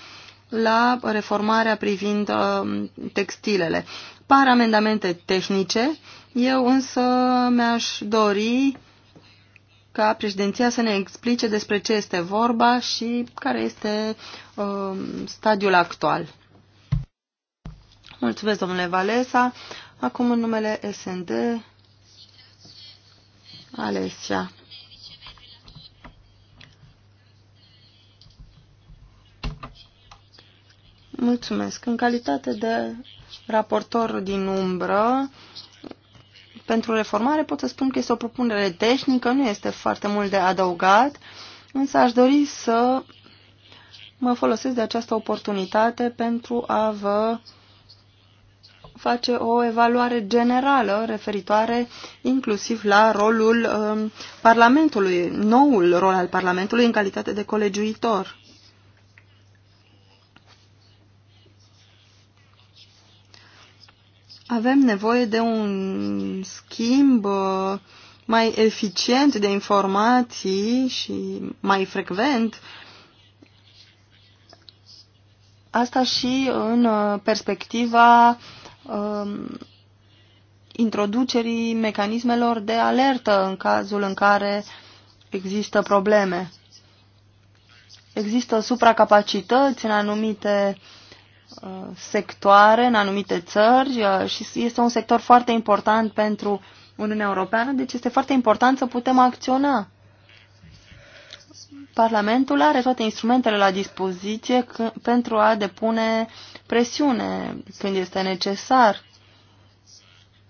la reformarea privind uh, textilele. Par amendamente tehnice, eu însă mi-aș dori ca președinția să ne explice despre ce este vorba și care este uh, stadiul actual. Mulțumesc, domnule Valesa. Acum, în numele SND, Alesia. Mulțumesc. În calitate de raportor din umbră, pentru reformare pot să spun că este o propunere tehnică, nu este foarte mult de adăugat, însă aș dori să mă folosesc de această oportunitate pentru a vă uh, face o evaluare generală referitoare inclusiv la rolul um, Parlamentului, noul rol al Parlamentului în calitate de colegiuitor. Avem nevoie de un schimb uh, mai eficient de informații și mai frecvent. Asta și în uh, perspectiva uh, uh, introducerii mecanismelor de alertă în cazul în care există probleme. Există supracapacități în anumite uh, sectoare, în anumite țări uh, și este un sector foarte important pentru Uniunea Europeană, deci este foarte important să putem acționa. Parlamentul are toate instrumentele la dispoziție pentru a depune uh, presiune când este necesar.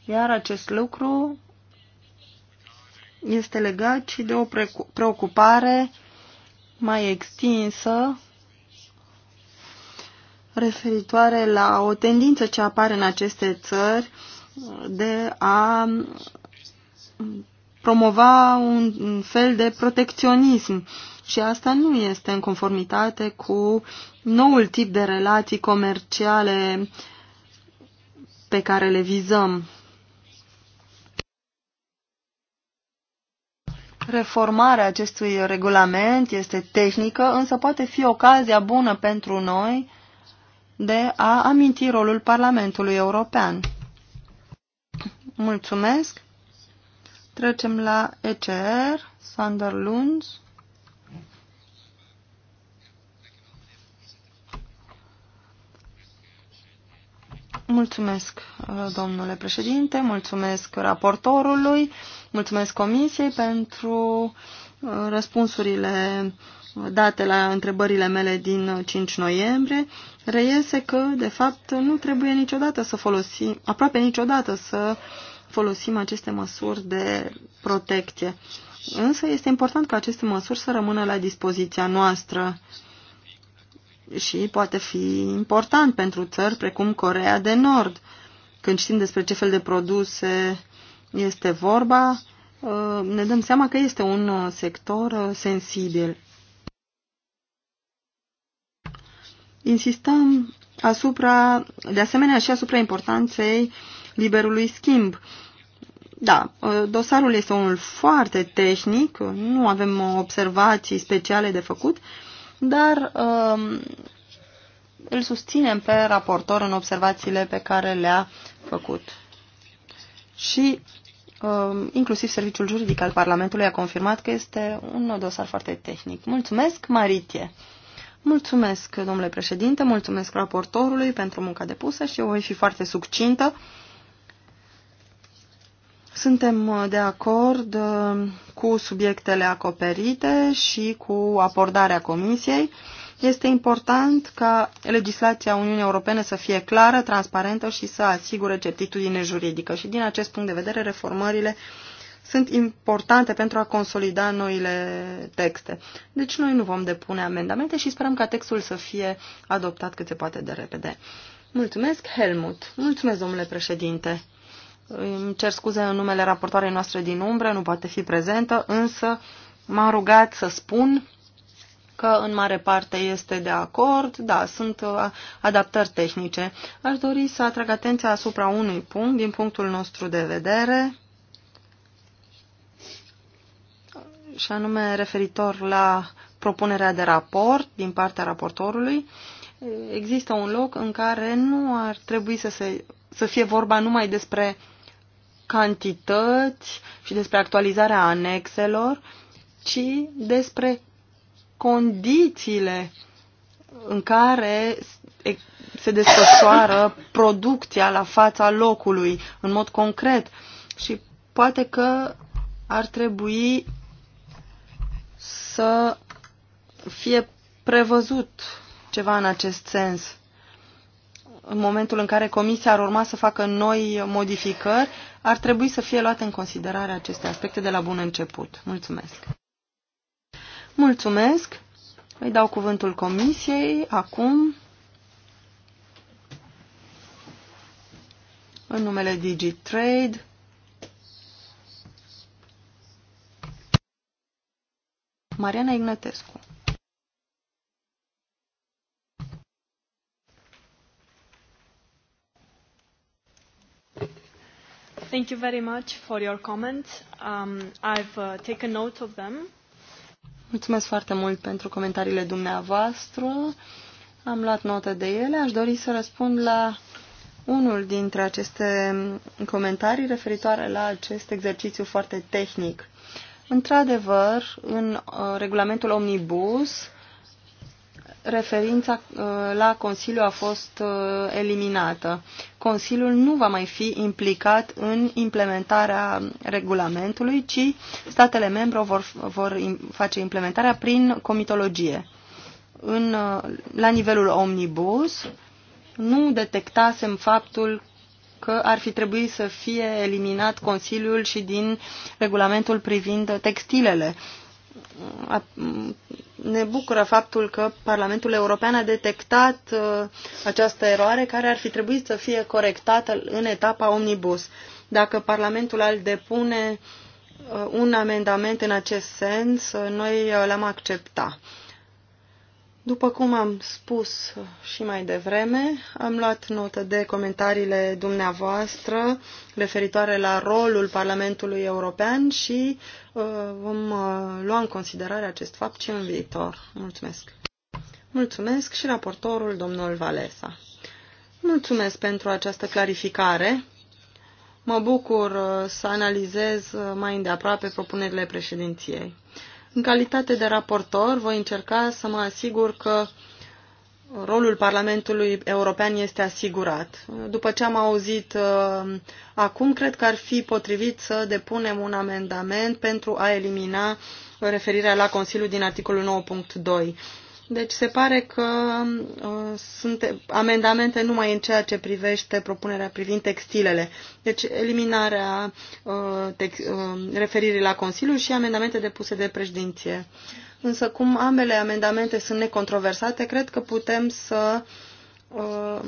Iar acest lucru este legat și de o preocupare mai extinsă referitoare la o tendință ce apare în aceste țări de a promova un fel de protecționism și asta nu este în conformitate cu noul tip de relații comerciale pe care le vizăm. Reformarea acestui regulament este tehnică, însă poate fi ocazia bună pentru noi de a aminti rolul Parlamentului European. Mulțumesc! Trecem la ECR, Sander Lunds. Mulțumesc, domnule președinte, mulțumesc raportorului, mulțumesc comisiei pentru uh, răspunsurile date la întrebările mele din 5 noiembrie. Reiese că, de fapt, nu trebuie niciodată să folosim, aproape niciodată să folosim aceste măsuri de protecție. Însă este important ca aceste măsuri să rămână la dispoziția noastră și poate fi important pentru țări precum Corea de Nord. Când știm despre ce fel de produse este vorba, uh, ne dăm seama că este un uh, sector uh, sensibil. Insistăm asupra, de asemenea și asupra importanței liberului schimb. Da, dosarul este unul foarte tehnic, nu avem observații speciale de făcut, dar um, îl susținem pe raportor în observațiile pe care le-a făcut. Și um, inclusiv Serviciul Juridic al Parlamentului a confirmat că este un dosar foarte tehnic. Mulțumesc, Maritie! Mulțumesc, domnule președinte, mulțumesc raportorului pentru munca depusă și eu voi fi foarte succintă suntem uh, de acord uh, cu subiectele acoperite și cu abordarea Comisiei. Este important ca legislația Uniunii Europene să fie clară, transparentă și să asigure certitudine juridică. Și din acest punct de vedere, reformările sunt importante pentru a consolida noile texte. Deci noi nu vom depune amendamente și sperăm ca textul să fie adoptat cât se poate de repede. Mulțumesc, Helmut. Mulțumesc, domnule președinte. Îmi cer scuze în numele raportoarei noastre din umbră, nu poate fi prezentă, însă m-a rugat să spun că în mare parte este de acord, da, sunt uh, adaptări tehnice. Aș dori să atrag atenția asupra unui punct din punctul nostru de vedere, și anume referitor la propunerea de raport din partea raportorului. Există un loc în care nu ar trebui să, se, să fie vorba numai despre cantități și despre actualizarea anexelor, ci despre condițiile în care se desfășoară producția la fața locului, în mod concret. Și poate că ar trebui să fie prevăzut ceva în acest sens. În momentul în care Comisia ar urma să facă noi modificări, ar trebui să fie luate în considerare aceste aspecte de la bun început. Mulțumesc! Mulțumesc! Îi dau cuvântul comisiei acum în numele DigiTrade. Mariana Ignatescu. Thank you very much for your comments. Um, I've uh, taken note of them. Mulțumesc foarte mult pentru comentariile dumneavoastră. Am luat notă de ele. Aș dori să răspund la unul dintre aceste comentarii referitoare la acest exercițiu foarte tehnic. Într-adevăr, în uh, regulamentul Omnibus referința uh, la Consiliu a fost uh, eliminată. Consiliul nu va mai fi implicat în implementarea regulamentului, ci statele membre vor, vor face implementarea prin comitologie. În, uh, la nivelul omnibus nu detectasem faptul că ar fi trebuit să fie eliminat Consiliul și din regulamentul privind textilele ne bucură faptul că Parlamentul European a detectat uh, această eroare care ar fi trebuit să fie corectată în etapa omnibus. Dacă Parlamentul al depune uh, un amendament în acest sens, uh, noi l-am accepta. După cum am spus uh, și mai devreme, am luat notă de comentariile dumneavoastră referitoare la rolul Parlamentului European și uh, vom uh, lua în considerare acest fapt și în viitor. Mulțumesc! Mulțumesc și raportorul domnul Valesa. Mulțumesc pentru această clarificare. Mă bucur uh, să analizez uh, mai îndeaproape propunerile președinției. În calitate de raportor, voi încerca să mă asigur că rolul Parlamentului European este asigurat. După ce am auzit uh, acum, cred că ar fi potrivit să depunem un amendament pentru a elimina referirea la Consiliu din articolul 9.2. Deci se pare că uh, sunt amendamente numai în ceea ce privește propunerea privind textilele. Deci eliminarea uh, tex, uh, referirii la Consiliu și amendamente depuse de președinție. Însă cum ambele amendamente sunt necontroversate, cred că putem să uh,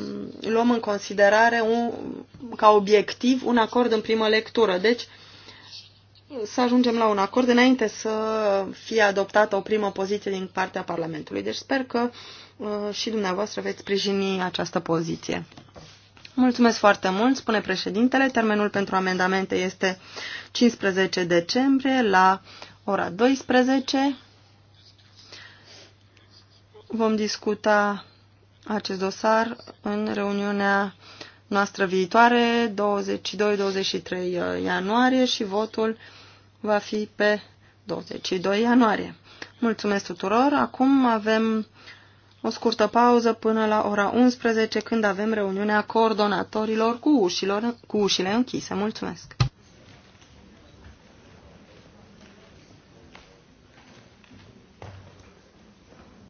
luăm în considerare un, ca obiectiv un acord în primă lectură. Deci uh, să ajungem la un acord înainte să fie adoptată o primă poziție din partea Parlamentului. Deci sper că uh, și dumneavoastră veți sprijini această poziție. Mulțumesc foarte mult, spune președintele. Termenul pentru amendamente este 15 decembrie la ora 12. Vom discuta acest dosar în reuniunea noastră viitoare, 22-23 uh, ianuarie și votul va fi pe 22 ianuarie. Mulțumesc tuturor! Acum avem o scurtă pauză până la ora 11, când avem reuniunea coordonatorilor cu, ușilor, cu ușile închise. Mulțumesc!